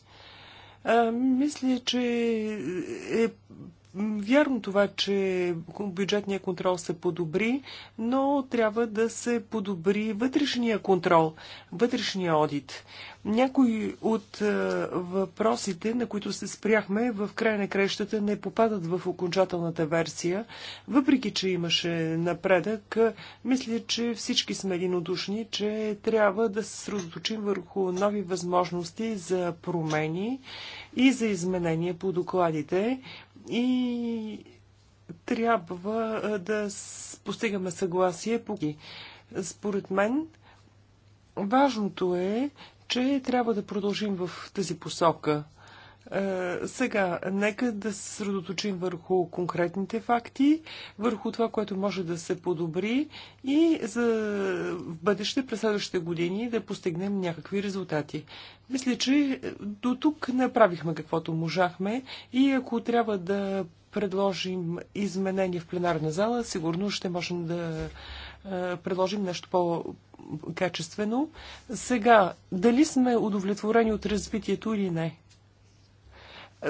А, мисля, че е Вярно това, че бюджетния контрол се подобри, но трябва да се подобри вътрешния контрол, вътрешния одит. Някои от е, въпросите, на които се спряхме в край на крещата, не попадат в окончателната версия. Въпреки, че имаше напредък, е, мисля, че всички сме единодушни, че трябва да се сръзоточим върху нови възможности за промени и за изменения по докладите и трябва да постигаме съгласие по Според мен, важното е, че трябва да продължим в тази посока – е, сега, нека да се средоточим върху конкретните факти, върху това, което може да се подобри и за в бъдеще, през следващите години, да постигнем някакви резултати. Мисля, че е, до тук направихме каквото можахме и ако трябва да предложим изменения в пленарна зала, сигурно ще можем да е, предложим нещо по-качествено. Сега, дали сме удовлетворени от развитието или не?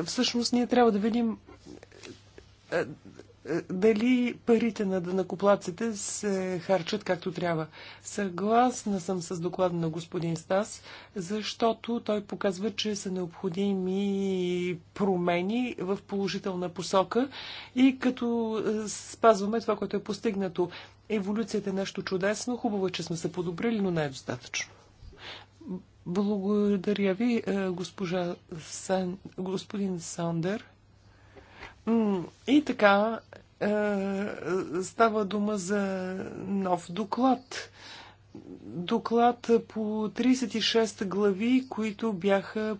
Всъщност ние трябва да видим е, е, дали парите на дънакоплаците се харчат както трябва. Съгласна съм с доклада на господин Стас, защото той показва, че са необходими промени в положителна посока и като е, спазваме това, което е постигнато. Еволюцията е нещо чудесно, хубаво, че сме се подобрили, но не е достатъчно. Благодаря ви, е, госпожа Сан... господин Сандер. И така, е, става дума за нов доклад. Доклад по 36 глави, които бяха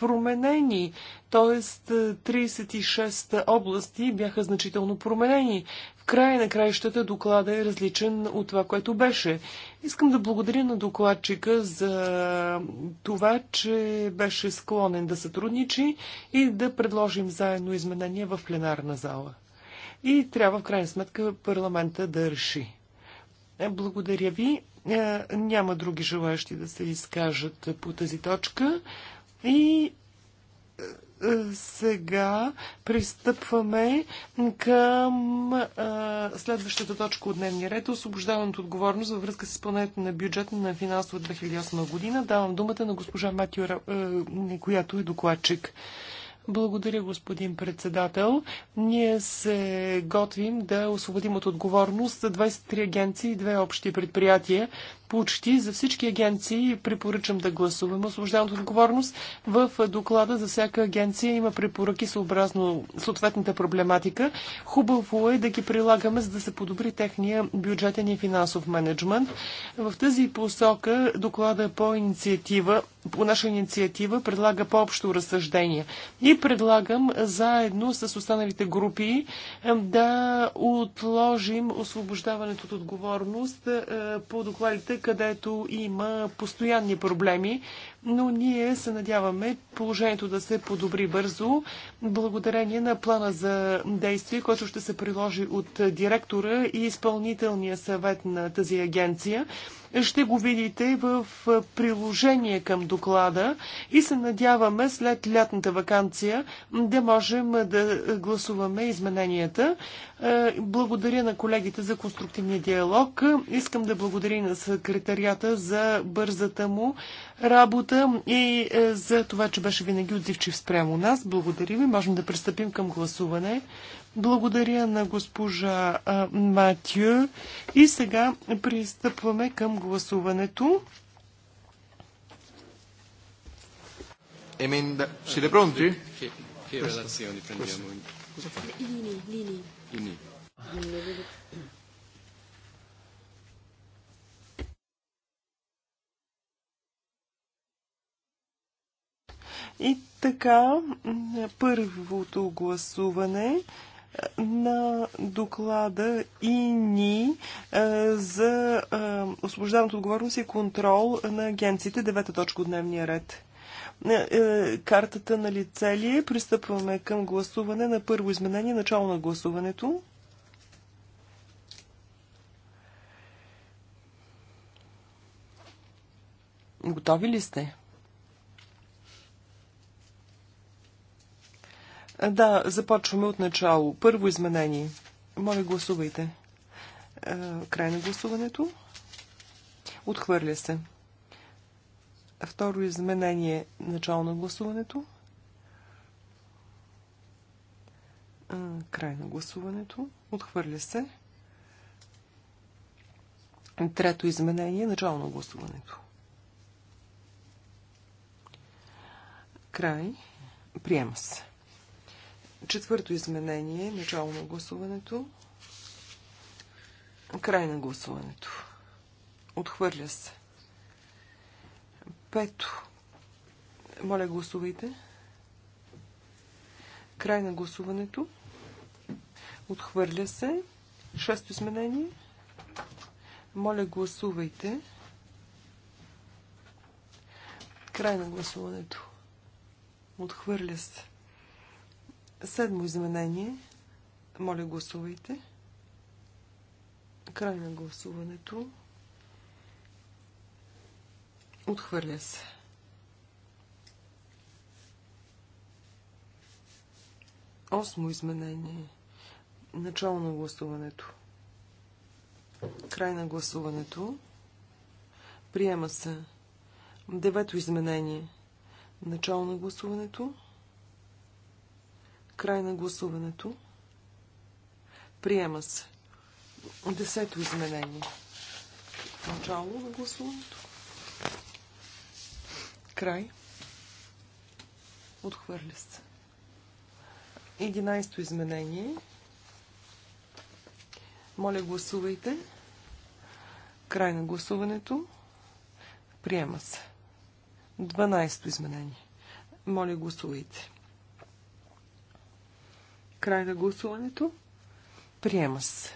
променени, т.е. 36 области бяха значително променени края на краищата доклада е различен от това, което беше. Искам да благодаря на докладчика за това, че беше склонен да сътрудничи и да предложим заедно изменения в пленарна зала. И трябва в крайна сметка парламента да реши. Е, благодаря ви. Е, няма други желаящи да се изкажат по тази точка. И сега пристъпваме към а, следващата точка от дневния ред. освобождаването отговорност във връзка с изпълнението на бюджета на финансово 2008 година. Давам думата на госпожа Матиора, е, която е докладчик. Благодаря, господин председател. Ние се готвим да освободим от отговорност за 23 агенции и две общи предприятия. Почти за всички агенции препоръчам да гласуваме освобождаването от отговорност. В доклада за всяка агенция има препоръки съобразно съответната проблематика. Хубаво е да ги прилагаме, за да се подобри техния бюджетен и финансов менеджмент. В тази посока доклада е по инициатива по наша инициатива предлага по-общо разсъждение. И предлагам заедно с останалите групи е, да отложим освобождаването от отговорност е, по докладите, където има постоянни проблеми, но ние се надяваме положението да се подобри бързо, благодарение на плана за действие, който ще се приложи от директора и изпълнителния съвет на тази агенция. Ще го видите в приложение към доклада и се надяваме след лятната вакансия да можем да гласуваме измененията. Е, благодаря на колегите за конструктивния диалог. Искам да благодаря на секретарията за бързата му работа и е, за това, че беше винаги отзивчив спрямо нас. Благодаря ви. Можем да пристъпим към гласуване. Благодаря на госпожа е, Матю. И сега пристъпваме към гласуването. Еменда... Siete pronti? Che, che relazioni prendiamo? Cosa fa? Linee, linee. И така, първото гласуване на доклада и ни е, за е, освобождаването отговорност и контрол на агенциите, девета точка от дневния ред. Е, е, картата на лице ли е? Пристъпваме към гласуване на първо изменение, начало на гласуването. Готови ли сте? Е, да, започваме от начало. Първо изменение. Моля, гласувайте. Край на гласуването. Отхвърля се. Второ изменение начало на гласуването. Край на гласуването. Отхвърля се. Трето изменение начало на гласуването. Край. Приема се. Четвърто изменение начало на гласуването. Край на гласуването. Отхвърля се. Пето. Моля, гласувайте. Край на гласуването. Отхвърля се. Шесто изменение. Моля, гласувайте. Край на гласуването. Отхвърля се. Седмо изменение. Моля, гласувайте. Край на гласуването. Отхвърля се. Осмо изменение. Начало на гласуването. Край на гласуването. Приема се. Девето изменение. Начало на гласуването. Край на гласуването. Приема се. Десето изменение. Начало на гласуването. Край. Отхвърля се. 11-то изменение. Моля, гласувайте. Край на гласуването. Приема се. 12 изменение. Моля, гласувайте. Край на гласуването. Приема се.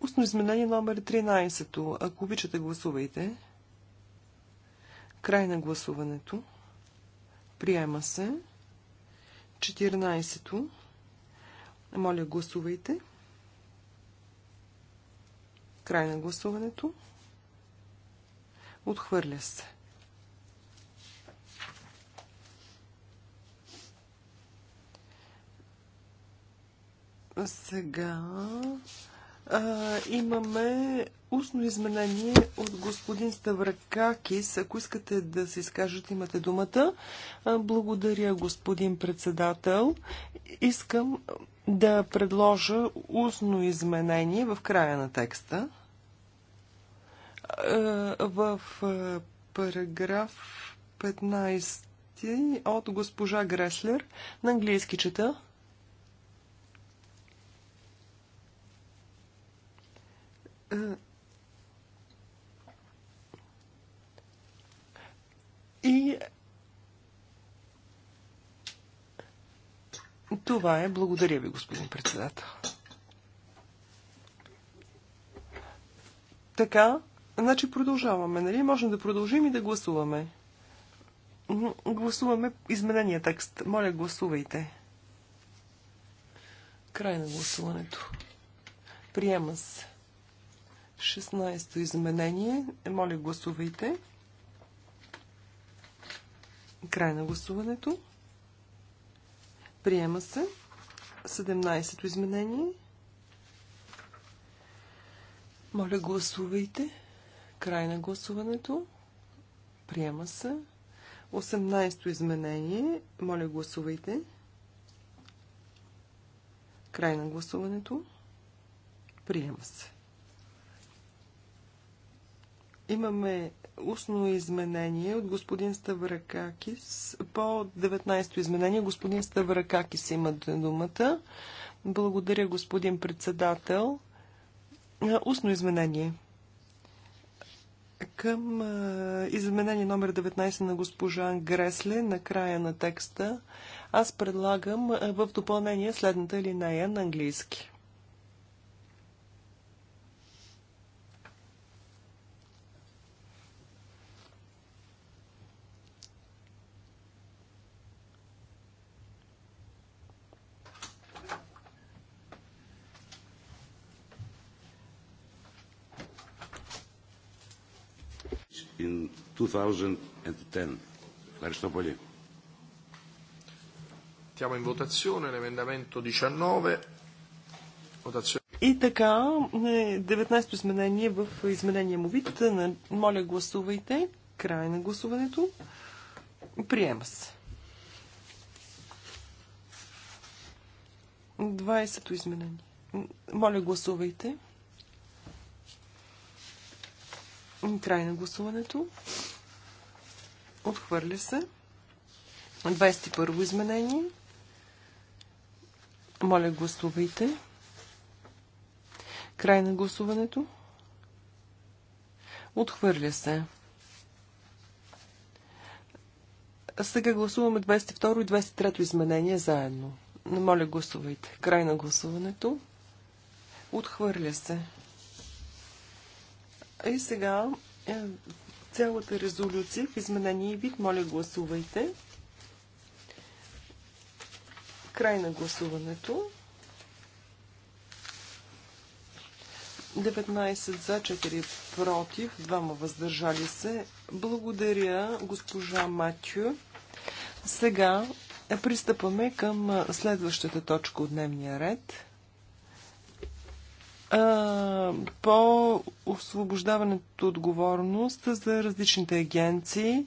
Устно изменение номер 13. Ако обичате, гласувайте. Край на гласуването. Приема се. 14-то. Моля, гласувайте. Край на гласуването. Отхвърля се. Сега а, имаме устно изменение от господин Ставракакис. Ако искате да се изкажете, имате думата. А, благодаря, господин председател. Искам да предложа устно изменение в края на текста. А, в а, параграф 15 от госпожа Греслер на английски чета. И това е. Благодаря ви, господин председател. Така, значи продължаваме, нали? Можем да продължим и да гласуваме. Гласуваме изменения текст. Моля, гласувайте. Край на гласуването. Приема се. 16-то изменение. Моля, гласувайте. Край на гласуването. Приема се. 17-то изменение. Моля, гласувайте. Край на гласуването. Приема се. 18-то изменение. Моля, гласувайте. Край на гласуването. Приема се. Имаме устно изменение от господин Ставракакис. По 19-то изменение господин Ставракакис има думата. Благодаря, господин председател. Устно изменение. Към изменение номер 19 на госпожа Гресле, на края на текста, аз предлагам в допълнение следната линия на английски. in 2010. Ευχαριστώ πολύ. Mettiamo in votazione l'emendamento 19. Votazione. И така, 19 е, то изменение в изменение му вид. Моля, гласувайте. Край на гласуването. Приема се. 20-то изменение. Моля, гласувайте. Край на гласуването. Отхвърля се. 21 во изменение. Моля, гласувайте. Край на гласуването. Отхвърля се. Сега гласуваме 22 и 23 изменение заедно. Моля, гласувайте. Край на гласуването. Отхвърля се. И сега е, цялата резолюция в изменение и вид. Моля, гласувайте. Край на гласуването. 19 за, 4 против, 2 въздържали се. Благодаря, госпожа Матю. Сега пристъпваме към следващата точка от дневния ред по освобождаването отговорност за различните агенции.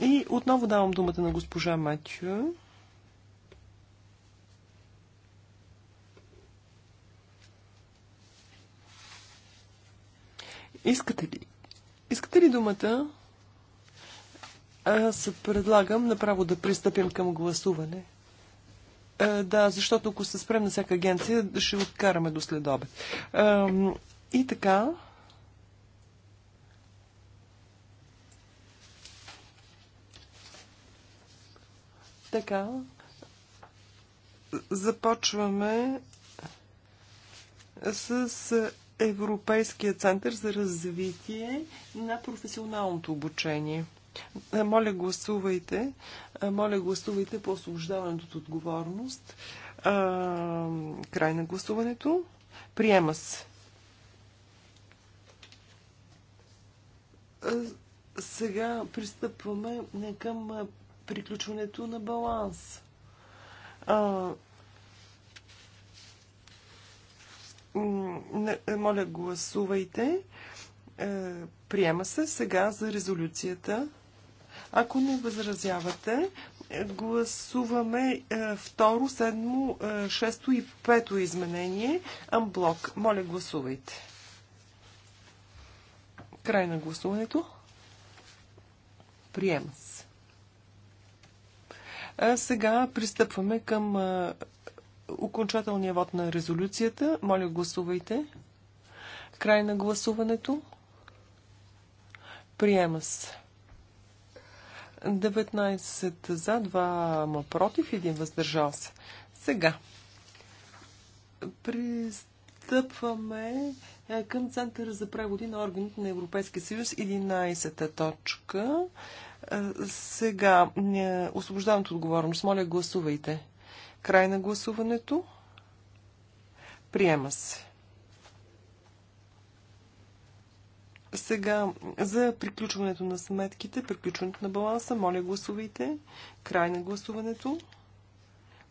И отново давам думата на госпожа Матю. Искате ли? Искате ли думата? Аз предлагам направо да пристъпим към гласуване. Е, да, защото ако се спрем на всяка агенция, ще откараме до следобед. Е, и така. Така. Започваме с Европейския център за развитие на професионалното обучение. Моля гласувайте. Моля гласувайте по освобождаването от отговорност. Край на гласуването. Приема се. Сега пристъпваме към приключването на баланс. Моля, гласувайте. Приема се сега за резолюцията. Ако не възразявате, гласуваме е, второ, седмо, е, шесто и пето изменение. Амблок. Моля, гласувайте. Край на гласуването. Приема се. А сега пристъпваме към е, окончателния вод на резолюцията. Моля, гласувайте. Край на гласуването. Приема се. 19 за, 2 против, 1 въздържал се. Сега пристъпваме е, към Центъра за преводи на органите на Европейския съюз, 11-та точка. Е, сега, е, освобождавам от отговорност. Моля, гласувайте. Край на гласуването. Приема се. Сега, за приключването на сметките, приключването на баланса, моля гласувайте. Край на гласуването.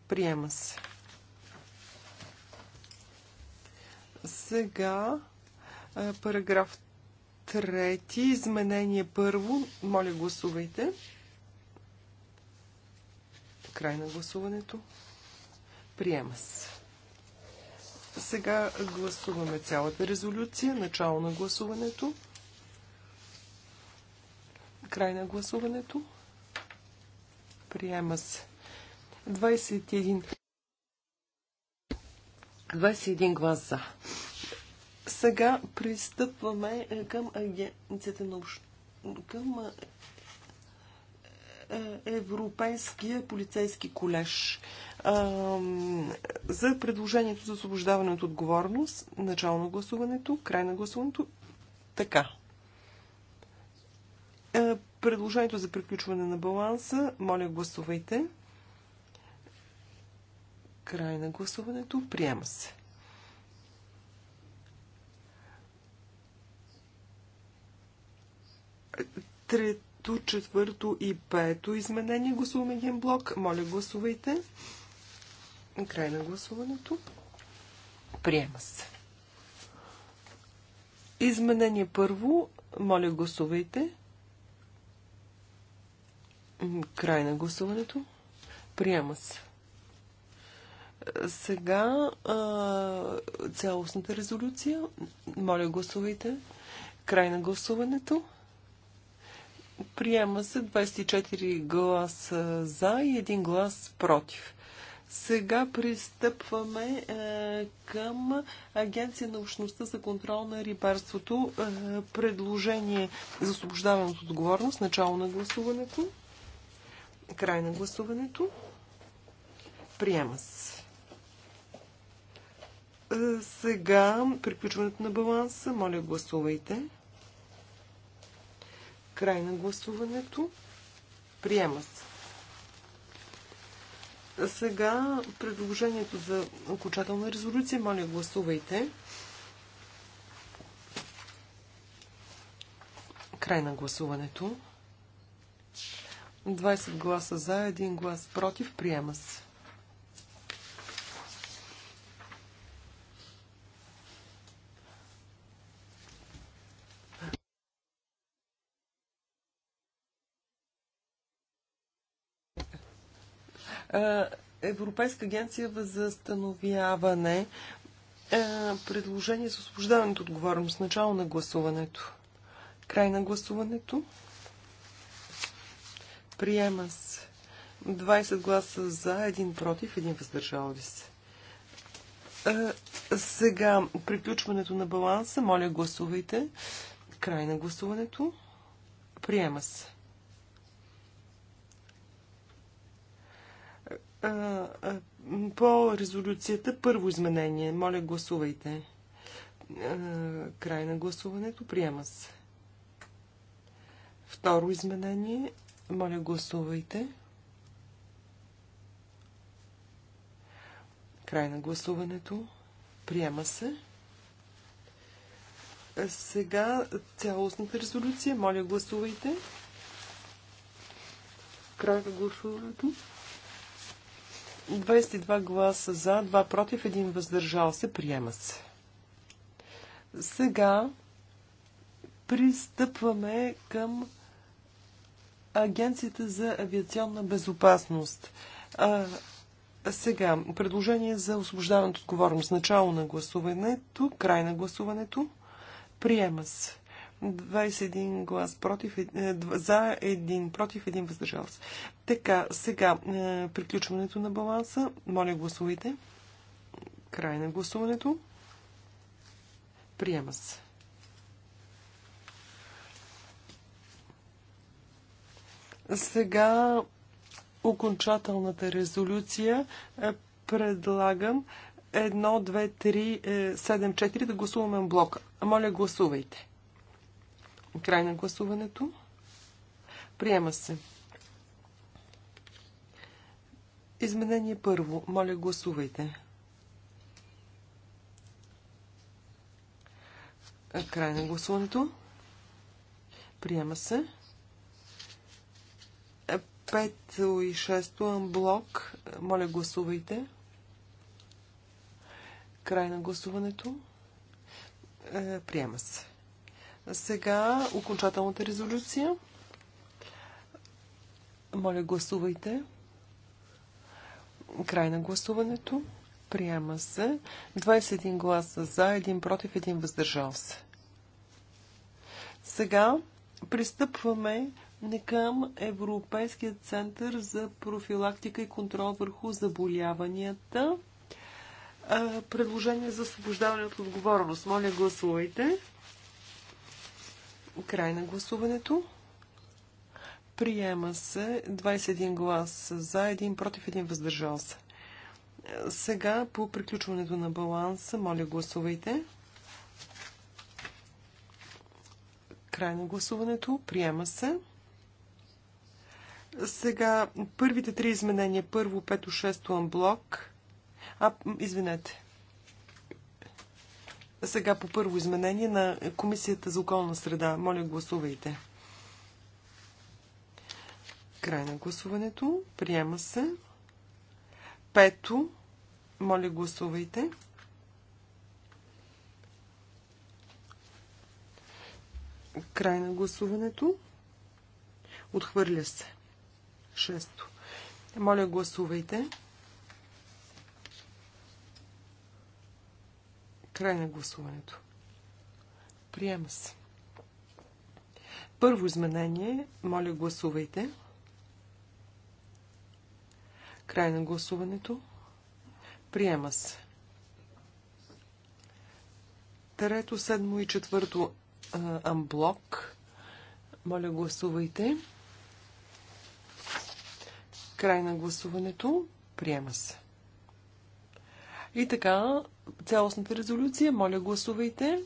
Приема се. Сега, параграф 3, изменение първо. Моля гласувайте. Край на гласуването. Приема се. Сега гласуваме цялата резолюция, начало на гласуването. Край на гласуването. Приема се. 21. 21 гласа. Сега пристъпваме е, към агенцията на общ... към е, е, Европейския полицейски колеж за предложението за освобождаване от отговорност, начало на гласуването, край на гласуването. Така, е, предложението за приключване на баланса, моля гласувайте. Край на гласуването. Приема се. Трето, четвърто и пето изменение. Гласуваме един блок. Моля, гласувайте. Край на гласуването. Приема се. Изменение първо. Моля, гласувайте. Край на гласуването. Приема се. Сега цялостната резолюция. Моля, гласувайте. Край на гласуването. Приема се 24 гласа за и 1 глас против. Сега пристъпваме е, към Агенция на общността за контрол на рибарството. Е, предложение за освобождаване от отговорност. Начало на гласуването. Край на гласуването. Приема се. Е, сега приключването на баланса. Моля, гласувайте. Край на гласуването. Приема се. Сега предложението за окончателна резолюция. Моля, гласувайте. Край на гласуването. 20 гласа за, 1 глас против. Приема се. Европейска агенция за възстановяване. Предложение за освобождаването отговорност. Начало на гласуването. Край на гласуването. Приема се. 20 гласа за, 1 против, 1 въздържал ли се. Сега, приключването на баланса, моля гласувайте. Край на гласуването. Приема се. По резолюцията първо изменение. Моля гласувайте. Край на гласуването. Приема се. Второ изменение. Моля, гласувайте. Край на гласуването. Приема се. Сега цялостната резолюция. Моля, гласувайте. Край на гласуването. 22 гласа за, 2 против, 1 въздържал се. Приема се. Сега пристъпваме към Агенцията за авиационна безопасност. А, сега, предложение за освобождаване от отговорност. Начало на гласуването, край на гласуването. Приема се. 21 глас против, е, е, за, 1 против, 1 въздържал се. Така, сега е, приключването на баланса. Моля, гласувайте. Край на гласуването. Приема се. Сега окончателната резолюция е, предлагам 1, 2, 3, 7, 4 да гласуваме блок. Моля, гласувайте. Край на гласуването. Приема се. Изменение първо. Моля, гласувайте. Край на гласуването. Приема се. 5 и 6 блок. Моля, гласувайте. Край на гласуването. Е, приема се. Сега окончателната резолюция. Моля, гласувайте. Край на гласуването. Приема се. 21 гласа за, 1 против, 1 въздържал се. Сега пристъпваме не към Европейския център за профилактика и контрол върху заболяванията. Предложение за освобождаване от отговорност. Моля, гласувайте. Край на гласуването. Приема се 21 глас за, 1 против, 1 въздържал се. Сега по приключването на баланса, моля гласувайте. Край на гласуването. Приема се. Сега, първите три изменения. Първо, пето, шесто анблок. А, извинете. Сега по първо изменение на Комисията за околна среда. Моля, гласувайте. Край на гласуването. Приема се. Пето. Моля, гласувайте. Край на гласуването. Отхвърля се. Шесто. Моля, гласувайте. Край на гласуването. Приема се. Първо изменение. Моля, гласувайте. Край на гласуването. Приема се. Трето, седмо и четвърто амблок. Моля, гласувайте. Край на гласуването. Приема се. И така, цялостната резолюция, моля гласувайте.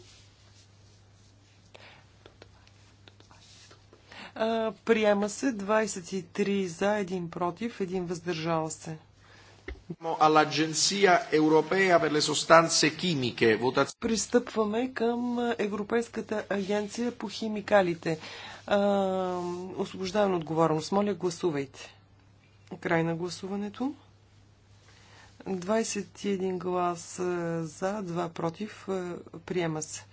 Приема се 23 за, 1 против, 1 въздържал се. Пристъпваме към Европейската агенция по химикалите. Освобождаваме отговорност. Моля, гласувайте. Край на гласуването. 21 глас за, 2 против. Е, приема се.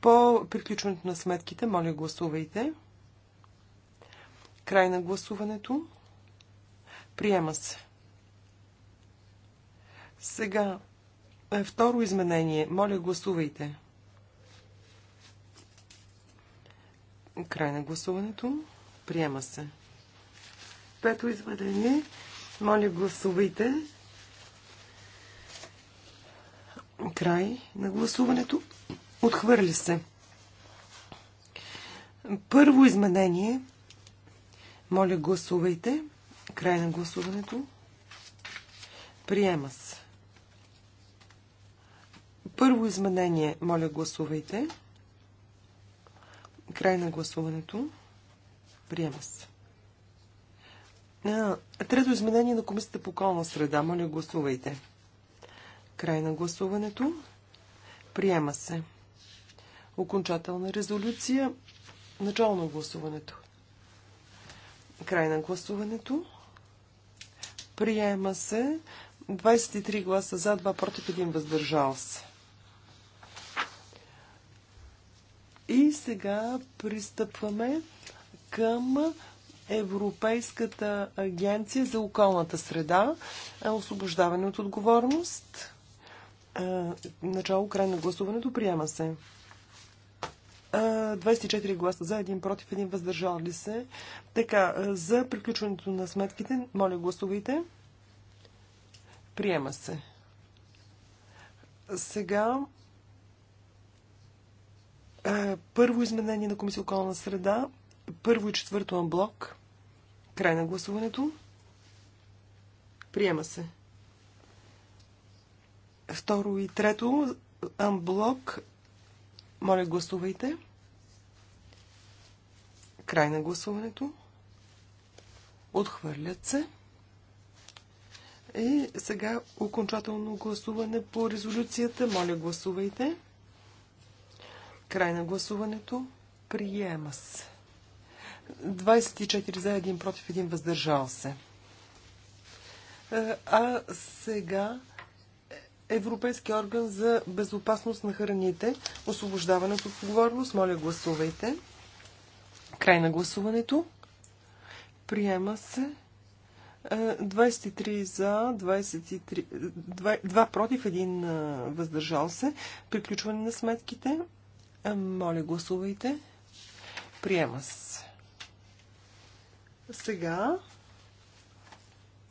По приключването на сметките, моля гласувайте. Край на гласуването. Приема се. Сега, е, второ изменение. Моля гласувайте. Край на гласуването. Приема се. Пето изменение. Моля, гласувайте. Край на гласуването. Отхвърля се. Първо изменение. Моля, гласувайте. Край на гласуването. Приема се. Първо изменение. Моля, гласувайте. Край на гласуването. Приема се. Е, трето изменение на Комисията по околна среда. Моля, гласувайте. Край на гласуването. Приема се. Окончателна резолюция. Начало на гласуването. Край на гласуването. Приема се. 23 гласа за, 2 против, 1 въздържал се. И сега пристъпваме към Европейската агенция за околната среда, е, освобождаване от отговорност. Е, начало, край на гласуването, приема се. 24 е, гласа за, един против, един въздържал ли се. Така, за приключването на сметките, моля гласувайте. Приема се. Сега първо изменение на Комисия околна среда, първо и четвърто блок. Край на гласуването. Приема се. Второ и трето. Амблок. Моля, гласувайте. Край на гласуването. Отхвърлят се. И сега окончателно гласуване по резолюцията. Моля, гласувайте. Край на гласуването. Приема се. 24 за, 1 против, 1 въздържал се. Е, а сега Европейски орган за безопасност на храните. Освобождаване от отговорност. Моля, гласувайте. Край на гласуването. Приема се. 23 е, за, 23, 2, 2 против, 1 е, въздържал се. Приключване на сметките. Моля, гласувайте. Приема се. Сега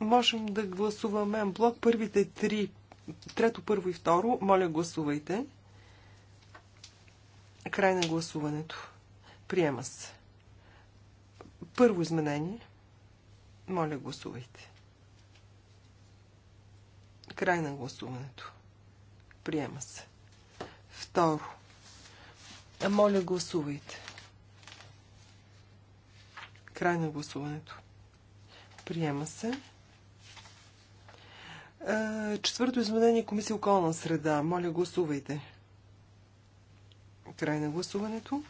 можем да гласуваме блок първите три, трето, първо и второ. Моля, гласувайте. Край на гласуването. Приема се. Първо изменение. Моля, гласувайте. Край на гласуването. Приема се. Второ. Моля, гласувайте. Край на гласуването. Приема се. Четвърто изменение Комисия околна среда. Моля, гласувайте. Край на гласуването.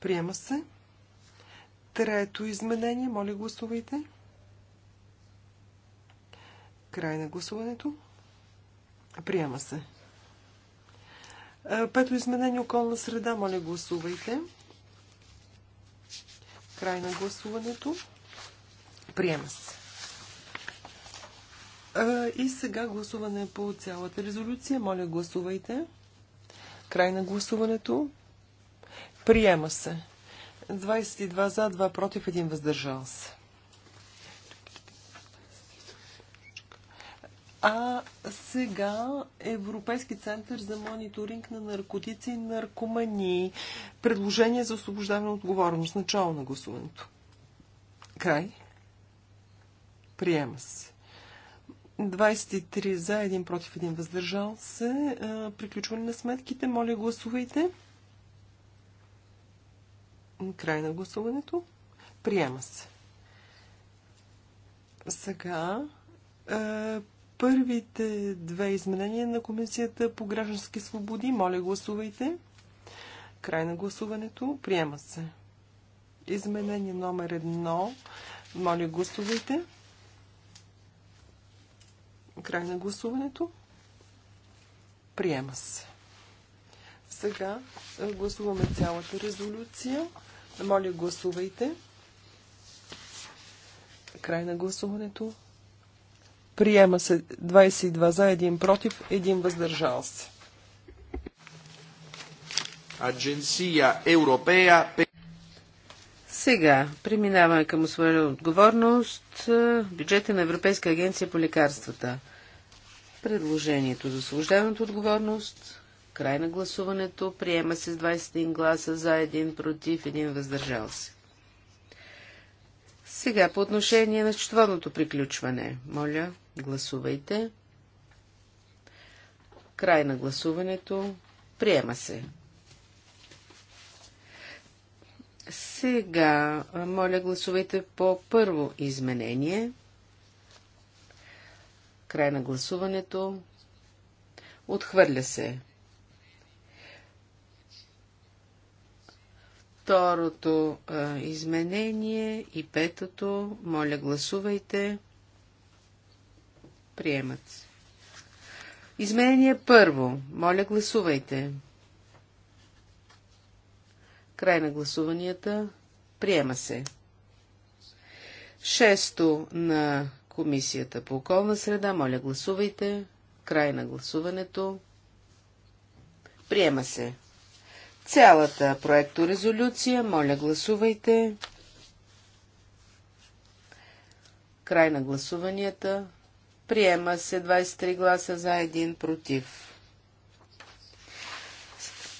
Приема се. Трето изменение. Моля, гласувайте. Край на гласуването. Приема се. Пето изменение околна среда. Моля, гласувайте. Край на гласуването. Приема се. И сега гласуване по цялата резолюция. Моля, гласувайте. Край на гласуването. Приема се. 22 за, 2 против, 1 въздържал се. А сега Европейски център за мониторинг на наркотици и наркомании. Предложение за освобождаване отговорност. Начало на гласуването. Край. Приема се. 23 за, 1 против, 1 въздържал се. Приключване на сметките. Моля, гласувайте. Край на гласуването. Приема се. Сега първите две изменения на Комисията по граждански свободи. Моля, гласувайте. Край на гласуването. Приема се. Изменение номер едно. Моля, гласувайте. Край на гласуването. Приема се. Сега е, гласуваме цялата резолюция. Моля, гласувайте. Край на гласуването. Приема се 22 за, 1 против, 1 въздържал се. Агенция Европея. Сега преминаваме към освоена отговорност. Е, бюджета на Европейска агенция по лекарствата. Предложението за освобождаването отговорност. Край на гласуването. Приема се с 21 гласа за, 1 против, 1 въздържал се. Сега по отношение на четвърното приключване. Моля, гласувайте. Край на гласуването. Приема се. Сега, моля, гласувайте по първо изменение. Край на гласуването. Отхвърля се. второто а, изменение и петото. Моля, гласувайте. Приемат се. Изменение първо. Моля, гласувайте. Край на гласуванията. Приема се. Шесто на Комисията по околна среда. Моля, гласувайте. Край на гласуването. Приема се. Цялата проекторезолюция, моля гласувайте. Край на гласуванията. Приема се 23 гласа за 1 против.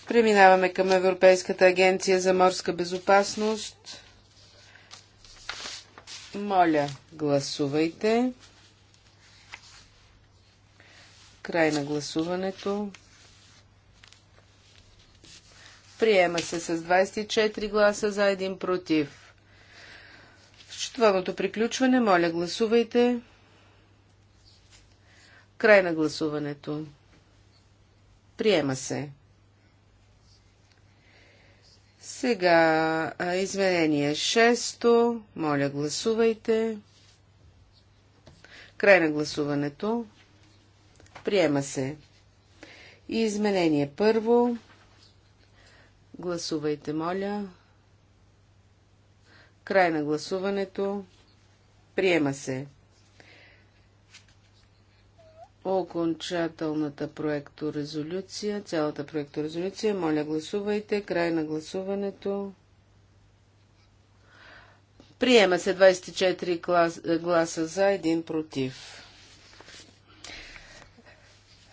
Преминаваме към Европейската агенция за морска безопасност. Моля, гласувайте. Край на гласуването. Приема се с 24 гласа за един против. Четвърното приключване, моля гласувайте. Край на гласуването. Приема се. Сега изменение 6. Моля гласувайте. Край на гласуването. Приема се. И изменение първо. Гласувайте, моля. Край на гласуването. Приема се. Окончателната проекторезолюция, цялата проекторезолюция, моля гласувайте. Край на гласуването. Приема се 24 глас, е, гласа за, 1 против.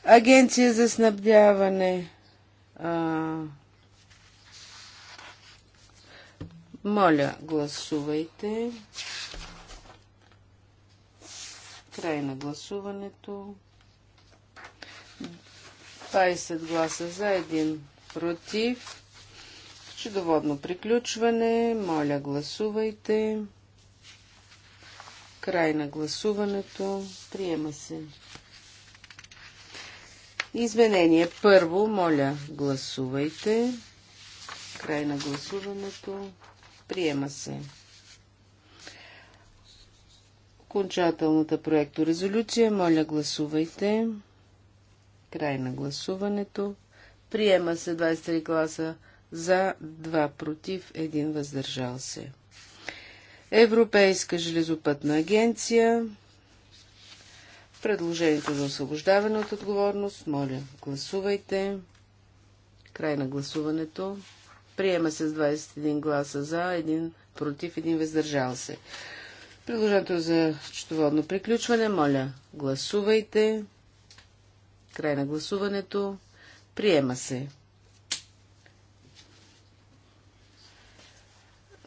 Агенция за снабдяване. А Моля, гласувайте. Край на гласуването. 20 гласа за, 1 против. Чудоводно приключване. Моля, гласувайте. Край на гласуването. Приема се. Изменение първо. Моля, гласувайте. Край на гласуването. Приема се. Окончателната проекто резолюция. Моля, гласувайте. Край на гласуването. Приема се 23 гласа за, 2 против, 1 въздържал се. Европейска железопътна агенция. Предложението за освобождаване от отговорност. Моля, гласувайте. Край на гласуването. Приема се с 21 гласа за, 1 против, един въздържал се. Предложението е за счетоводно приключване, моля, гласувайте. Край на гласуването. Приема се.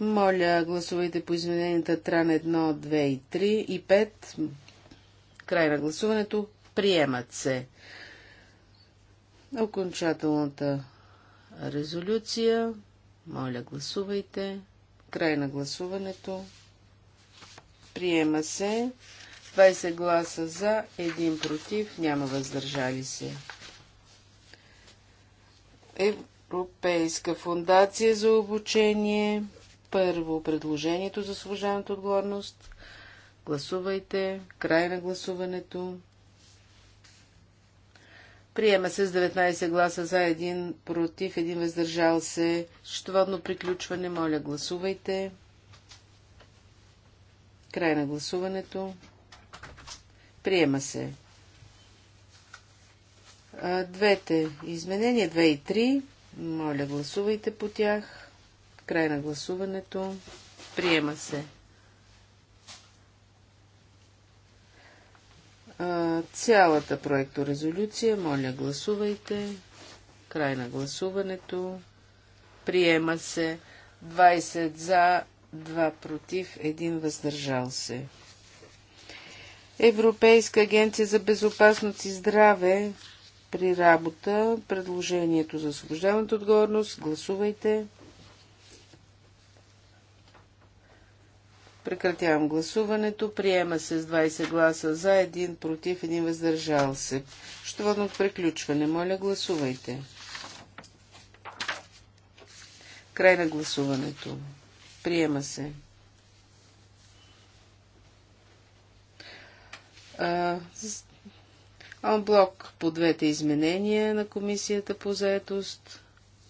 Моля, гласувайте по измененията Тран 1, 2 и 3 и 5. Край на гласуването. Приемат се. Окончателната резолюция. Моля, гласувайте. Край на гласуването. Приема се. 20 гласа за, 1 против, няма въздържали се. Европейска фундация за обучение. Първо предложението за служебната отговорност. Гласувайте. Край на гласуването. Приема се с 19 гласа за, 1 против, един въздържал се. Счетоводно приключване, моля гласувайте. Край на гласуването. Приема се. Двете изменения, 2 и 3, моля гласувайте по тях. Край на гласуването. Приема се. Цялата цялата проекторезолюция. Моля, гласувайте. Край на гласуването. Приема се 20 за, 2 против, 1 въздържал се. Европейска агенция за безопасност и здраве при работа. Предложението за освобождаването отговорност. Гласувайте. Прекратявам гласуването. Приема се с 20 гласа за, 1 против, 1 въздържал се. Щоводно приключване. Моля, гласувайте. Край на гласуването. Приема се. Анблок по двете изменения на Комисията по заетост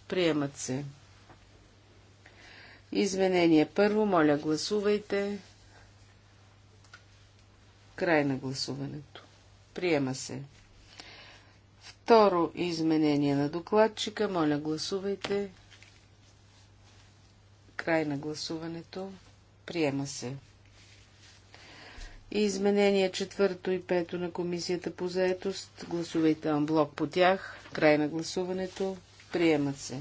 приемат се. Изменение първо, моля гласувайте. Край на гласуването. Приема се. Второ изменение на докладчика, моля гласувайте. Край на гласуването. Приема се. И изменения четвърто и пето на комисията по заетост. Гласувайте анблок по тях. Край на гласуването. Приемат се.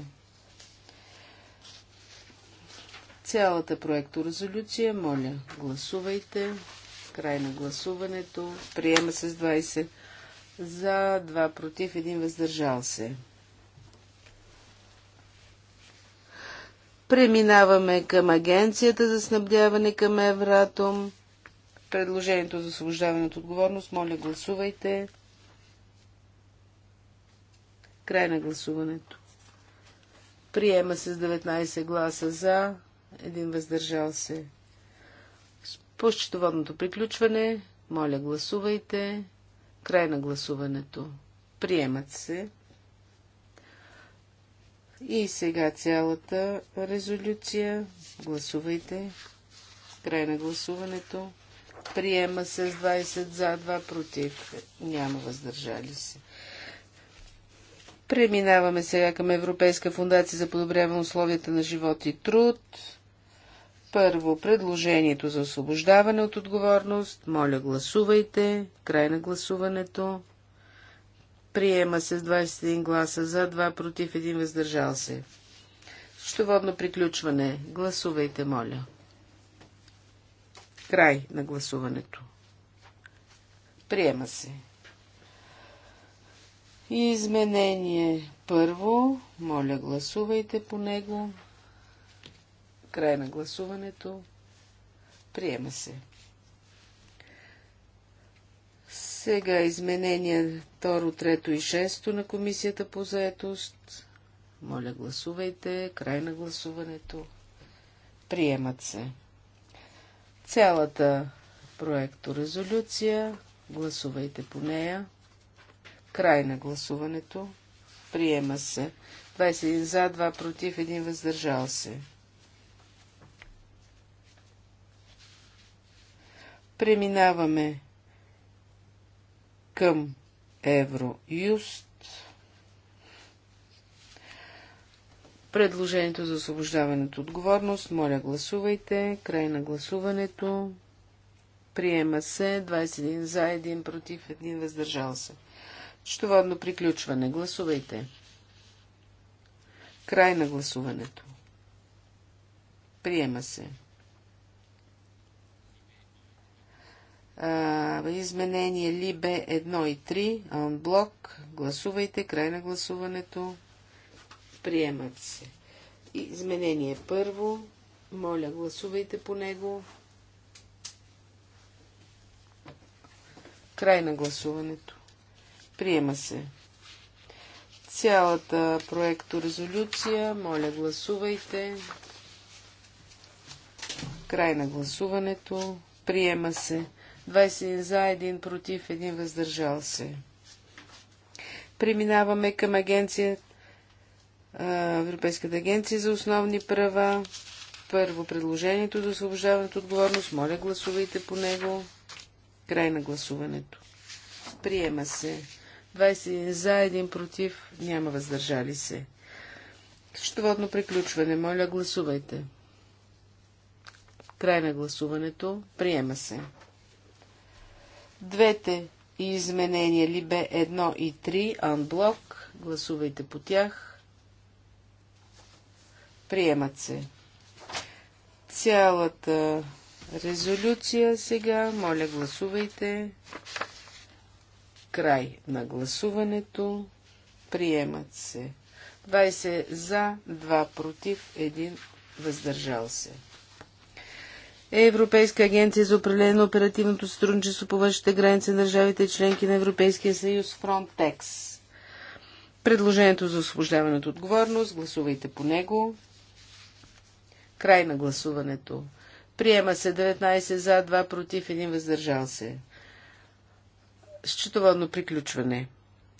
Цялата проекторезолюция, моля, гласувайте. Край на гласуването. Приема се с 20 за, 2 против, 1 въздържал се. Преминаваме към Агенцията за снабдяване към Евратом. Предложението за освобождаване от отговорност, моля, гласувайте. Край на гласуването. Приема се с 19 гласа за, един въздържал се. По счетоводното приключване, моля гласувайте. Край на гласуването. Приемат се. И сега цялата резолюция. Гласувайте. Край на гласуването. Приема се с 20 за, 2 против. Няма въздържали се. Преминаваме сега към Европейска фундация за подобряване условията на живот и труд. Първо, предложението за освобождаване от отговорност. Моля, гласувайте. Край на гласуването. Приема се с 21 гласа за, 2 против, 1 въздържал се. Щоводно приключване. Гласувайте, моля. Край на гласуването. Приема се. Изменение първо. Моля, гласувайте по него. Край на гласуването. Приема се. Сега изменения второ, трето и шесто на комисията по заетост. Моля, гласувайте. Край на гласуването. Приемат се. Цялата проекторезолюция. Гласувайте по нея. Край на гласуването. Приема се. 21 за, 2 против, 1 въздържал се. Преминаваме към Евроюст. Предложението за освобождаването отговорност. Моля, гласувайте. Край на гласуването. Приема се 21 за, 1 против, 1 въздържал се. Щоводно приключване. Гласувайте. Край на гласуването. Приема се. изменение Либе 1 и 3, блок. гласувайте, край на гласуването, приемат се. Изменение първо, моля гласувайте по него. Край на гласуването. Приема се. Цялата проекторезолюция, моля гласувайте. Край на гласуването. Приема се. 21 за, 1 против, 1 въздържал се. Преминаваме към агенция, Европейската агенция за основни права. Първо предложението за освобождаването отговорност. Моля, гласувайте по него. Край на гласуването. Приема се. 21 за, 1 против, няма въздържали се. Счетоводно приключване. Моля, гласувайте. Край на гласуването. Приема се. Двете изменения бе 1 и 3, анблок, гласувайте по тях. Приемат се. Цялата резолюция сега, моля гласувайте. Край на гласуването. Приемат се. 20 за, 2 против, 1 въздържал се. Е Европейска агенция за управление на оперативното сътрудничество по външните граници на държавите членки на Европейския съюз Frontex. Предложението за освобождаване от отговорност. Гласувайте по него. Край на гласуването. Приема се 19 за, 2 против, 1 въздържал се. Счетоводно приключване.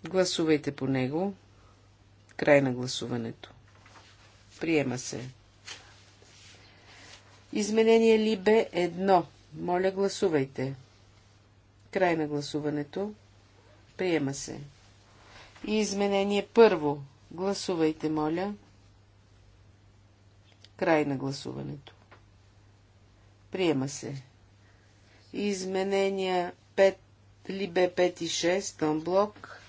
Гласувайте по него. Край на гласуването. Приема се. Изменение ли бе едно? Моля, гласувайте. Край на гласуването. Приема се. И изменение първо. Гласувайте, моля. Край на гласуването. Приема се. И изменения 5, либе 5 и 6, тон блок.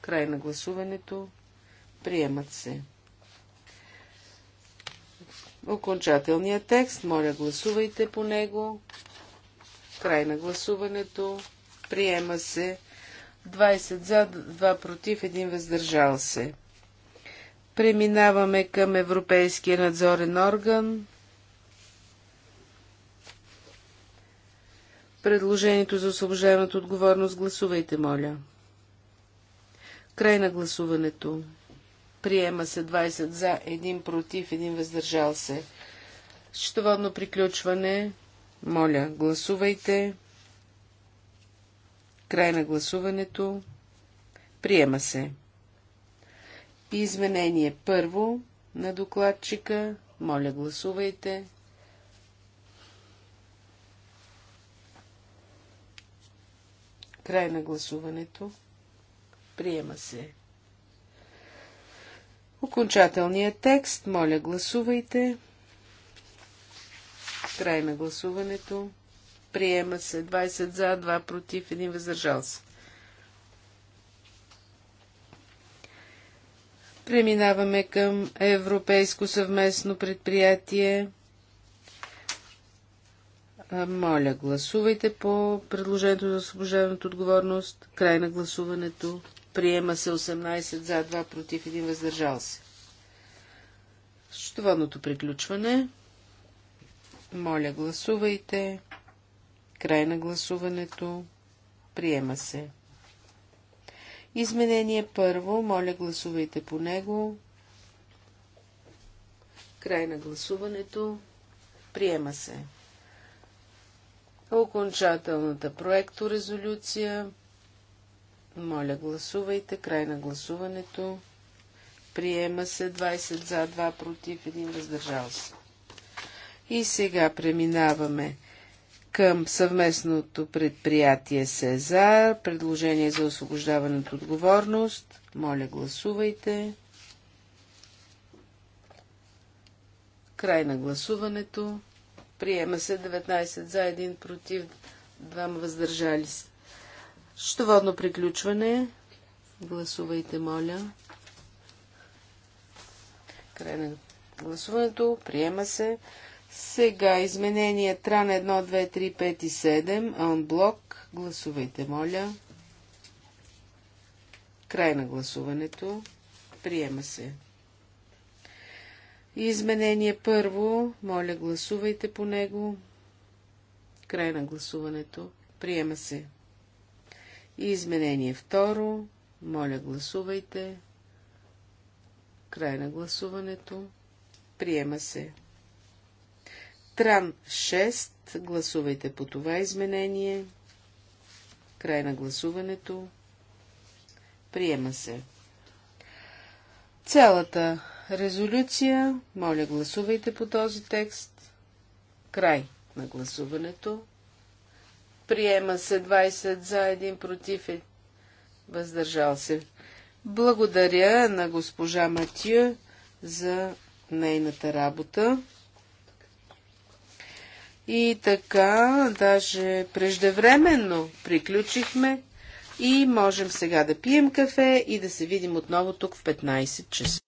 Край на гласуването. Приемат се окончателния текст. Моля, гласувайте по него. Край на гласуването. Приема се 20 за, 2 против, 1 въздържал се. Преминаваме към Европейския надзорен орган. Предложението за освобождаемата отговорност гласувайте, моля. Край на гласуването. Приема се 20 за, 1 против, 1 въздържал се. Счетоводно приключване. Моля, гласувайте. Край на гласуването. Приема се. Изменение първо на докладчика. Моля, гласувайте. Край на гласуването. Приема се. Окончателният текст, моля гласувайте. Край на гласуването. Приема се 20 за, 2 против, 1 въздържал се. Преминаваме към Европейско съвместно предприятие. Моля, гласувайте по предложението за освобождаването отговорност. Край на гласуването. Приема се 18 за 2 против 1 въздържал се. Счетоводното приключване. Моля, гласувайте. Край на гласуването. Приема се. Изменение първо. Моля, гласувайте по него. Край на гласуването. Приема се. Окончателната проекторезолюция. резолюция моля, гласувайте. Край на гласуването. Приема се 20 за, 2 против, 1 въздържал се. И сега преминаваме към съвместното предприятие Сезар, предложение за освобождаване от отговорност. Моля, гласувайте. Край на гласуването. Приема се 19 за, 1 против, 2 въздържали се. Щоводно приключване. Гласувайте, моля. Край на гласуването. Приема се. Сега изменение Тран 1, 2, 3, 5 и 7. Анблок. Гласувайте, моля. Край на гласуването. Приема се. Изменение първо. Моля, гласувайте по него. Край на гласуването. Приема се. И изменение второ. Моля, гласувайте. Край на гласуването. Приема се. Тран 6. Гласувайте по това изменение. Край на гласуването. Приема се. Цялата резолюция. Моля, гласувайте по този текст. Край на гласуването. Приема се 20 за 1 против и е- въздържал се. Благодаря на госпожа Матио за нейната работа. И така, даже преждевременно приключихме и можем сега да пием кафе и да се видим отново тук в 15 часа.